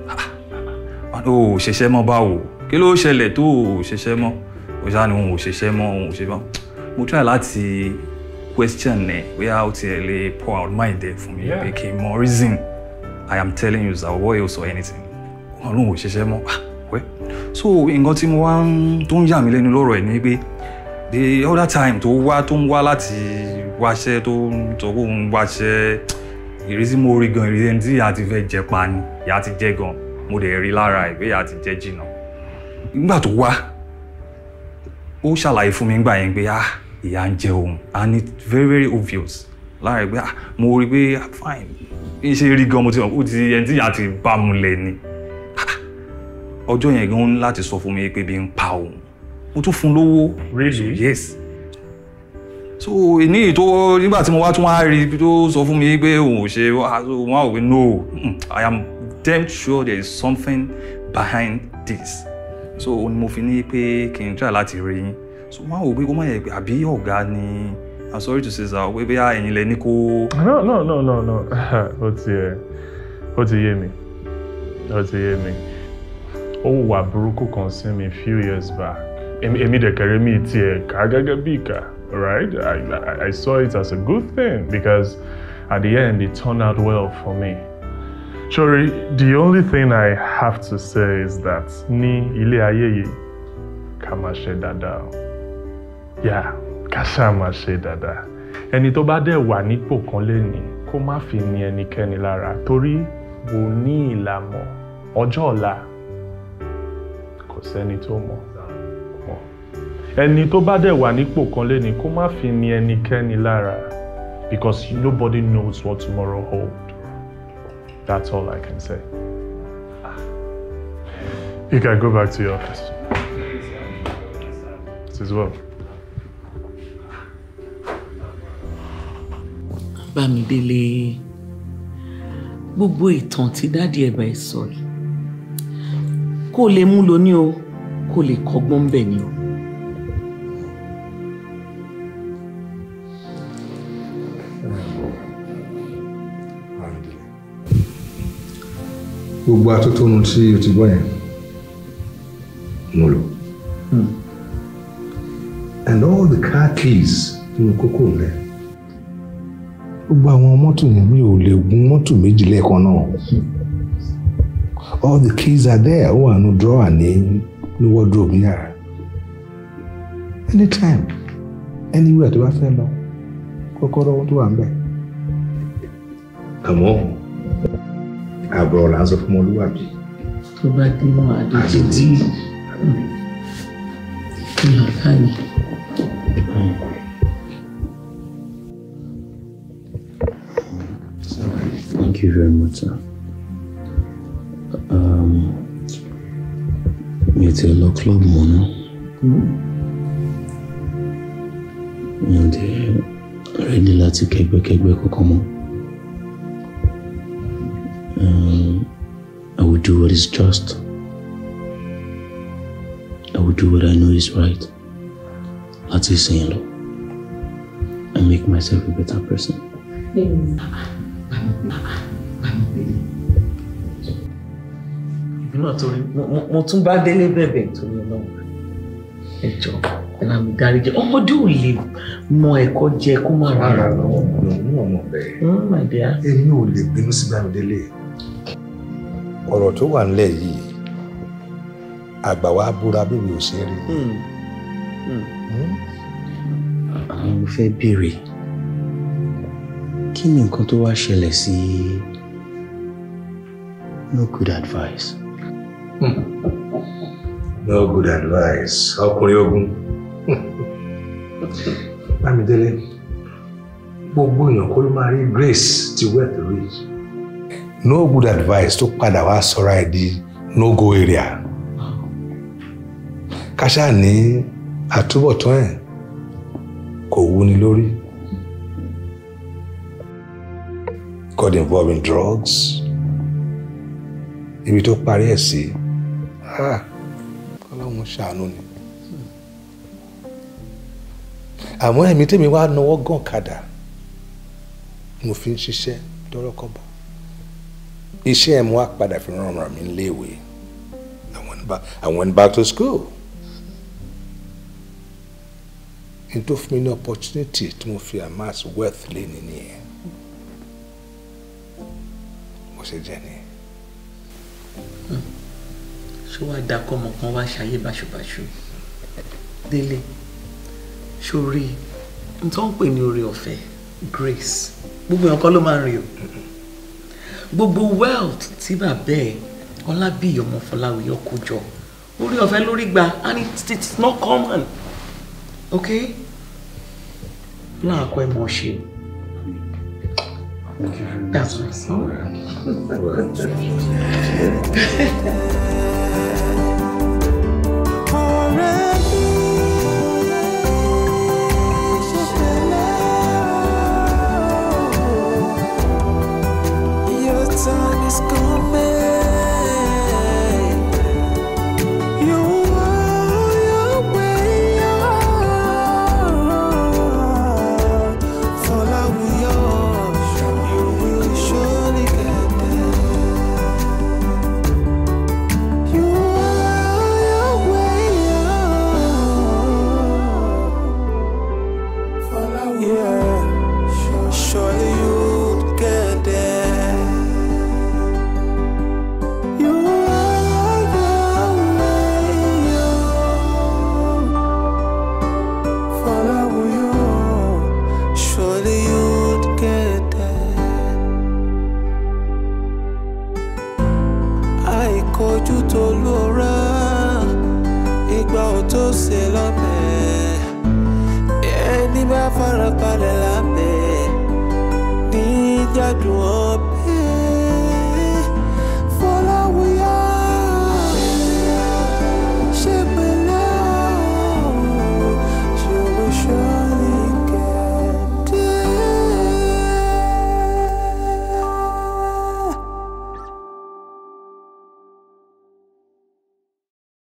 ah, ó ò ṣiṣẹ́ mọ́ báwo kí ló ṣẹlẹ̀ tó ò ṣiṣẹ́ mọ́ ó ṣáà ní òun ò ṣiṣẹ́ mọ́ òun ò ṣiṣẹ́ mọ́ mo try láti question ẹ bóyá ó tiẹ̀ lè pour out mind ẹ fún mi pé kí n mọ reason I am telling you sir ọwọ́ yóò sọ anything ọlọ́run ò ṣiṣẹ́ mọ́ ah so nǹkan tí mo wá ń tó ń yà mí lẹ́nu lọ́rọ̀ ẹ̀ ni pé the other time tó wá tó ń wá láti wáṣẹ́ tó ń sọ pé òun wáṣẹ́ ìrísí mo rí gan ìrísí ẹni tí ìyá ti fẹ́ jẹ pa ni ìyá ti jẹ gan mo dẹ̀ rí lára ẹ̀ pé ìyá ti jẹ jìnnà nígbà tó wá ó ṣàlàyé fún mi nígbà yẹn pé ah ìyá ń jẹ òun and it's very very obvious lára ẹ̀ pé ah mo rí pé ah, fine bí ṣe rí gan mo ti mọ̀ ó ti ẹni tí ìyá ti bá mu lẹ̀ ni ọjọ́ yẹn gan láti sọ fún mi pé bí n pa òun mo tún fún lówó. really yes. so ìní ìtò nígbà tí mo wá tún wá rí i tó sọ fún mi pé òun ò ṣe wọn á wò no mm, i am damn sure there is something behind this so òun ni mo fi ní pé kí n try láti rí yín so wọn á wò kó má yẹ pé àbí ọ̀gá ni i'm sorry to say sir pé bóyá ah, ẹ̀yin lẹ ní kó. no no no no no ó ti ẹ ó ti yé mi ó ti yé mi ó wà burúkú kan sí mi few years back èmi dẹ̀kẹ̀rẹ̀ mi tiẹ̀ ká gẹ́gẹ́ bí ìkà right I, I, I saw it as a good thing because at the end it turned out well for me. Sorry, the only thing I have to say is that ní ilé ayé yìí ká máa ṣe dáadáa o. Yeah, ká ṣáà máa ṣe dáadáa. Ẹni tó bá dẹ̀ wà nípò kan lénìí kó má fi ní ẹnikẹ́ni lára torí wò ní ìlàmọ̀ ọjọ́ ọ̀la sẹ́ni tó mọ̀ mọ̀ ẹni tó bá dẹ̀ wà nípò kan lẹ́ni kó má fi ni ẹnikẹ́ni lára because nobody knows what tomorrow holds that's all I can say you can go back to your office it is well. Bámidélé gbogbo ìtàn tí dáàdi ẹ̀ bá ẹ sọ yìí kó lè mú lò ní o kó lè kọ́gbọ́n ń bẹ̀ ni o. gbogbo atótónu tí o ti gbọ́ yẹn mo lò hmm. and all the car keys nínú kókó rẹ gbogbo àwọn mọ́tò yẹn mi ò lè gun mọ́tò méjì lẹ́ẹ̀kan náà all the keys are there ó wà nù drawer ní ní wardrobe yàrá anytime anywhere tó bá fẹ́ lọ kọ́kọ́rọ́ tó wà ń bẹ̀. àmọ́ àbúrò là ń sọ fún ọmọlúwàbí. tó bá dé mọ àdéhùn tí ìyá ọ̀gá mi. Thank you very much, sir. tí ó lọ club mọ́ náà. Mi ò dé rẹ́dí láti kẹgbẹ́kẹgbẹ́ kankan mọ́. I will do what is just. I will do what I know is right. Láti saying, lọ. I make myself a better person. Amen. Mm. náà torí mo tún bá délé bẹ̀bẹ̀ torí náà ẹ jọ ẹ̀rọ mi dáríjì ọmọdé ò lè mọ ẹ̀kọ́ jẹ kó má ra rà lọ́wọ́ lòun ọmọ bẹ́ẹ̀ oh èmi ò lè bínú sí báyìí délé ọ̀rọ̀ tó wà nílẹ̀ yìí àgbà wa búra bíbi ò ṣe rí hmm. Hmm? àwọn mo fẹ́ béèrè kí ni nǹkan tó wá ṣẹlẹ̀ sí no good advice. Hmm. no good advice ọkùnrin ogun hmm. bámidélé gbogbo èèyàn kó ló máa rí grace ti wealth rich. no good advice tó padà wá sọra ẹ̀ di no go area káṣá ní àtúbọ̀tán ẹ̀ kò wúni lórí. God involving drugs ibi tó parí ẹ̀ sí. Ah, ọlọ́run ṣàánú ni àmọ́ ẹ̀mí tèmi wá náwó gàn kàdà mo fi ń ṣiṣẹ́ dọ́rọ́kọ́bọ̀ iṣẹ́ ẹ̀ mo fi ràn ràn mí léèwé I went back I went back to school n tó fún mi ní opportunity tí mo fi amass wealth lé ní nìyẹn mo ṣe jẹ nìyẹn ṣé wàá da kọ́ ọmọ kan wá ṣayé báṣubàṣu délé sórí n tó ń pè ní oore ọ̀fẹ́ grace gbogbo èèyàn kọ́ ló máa ń rí o gbogbo wealth tí bàbá ẹ ọlábíyí ọmọ fọláwíyọ kó jọ oore ọ̀fẹ́ lórí gbà and it's, it's not common okay láàkọ́ ẹ mọ̀ ṣe o. That's right. All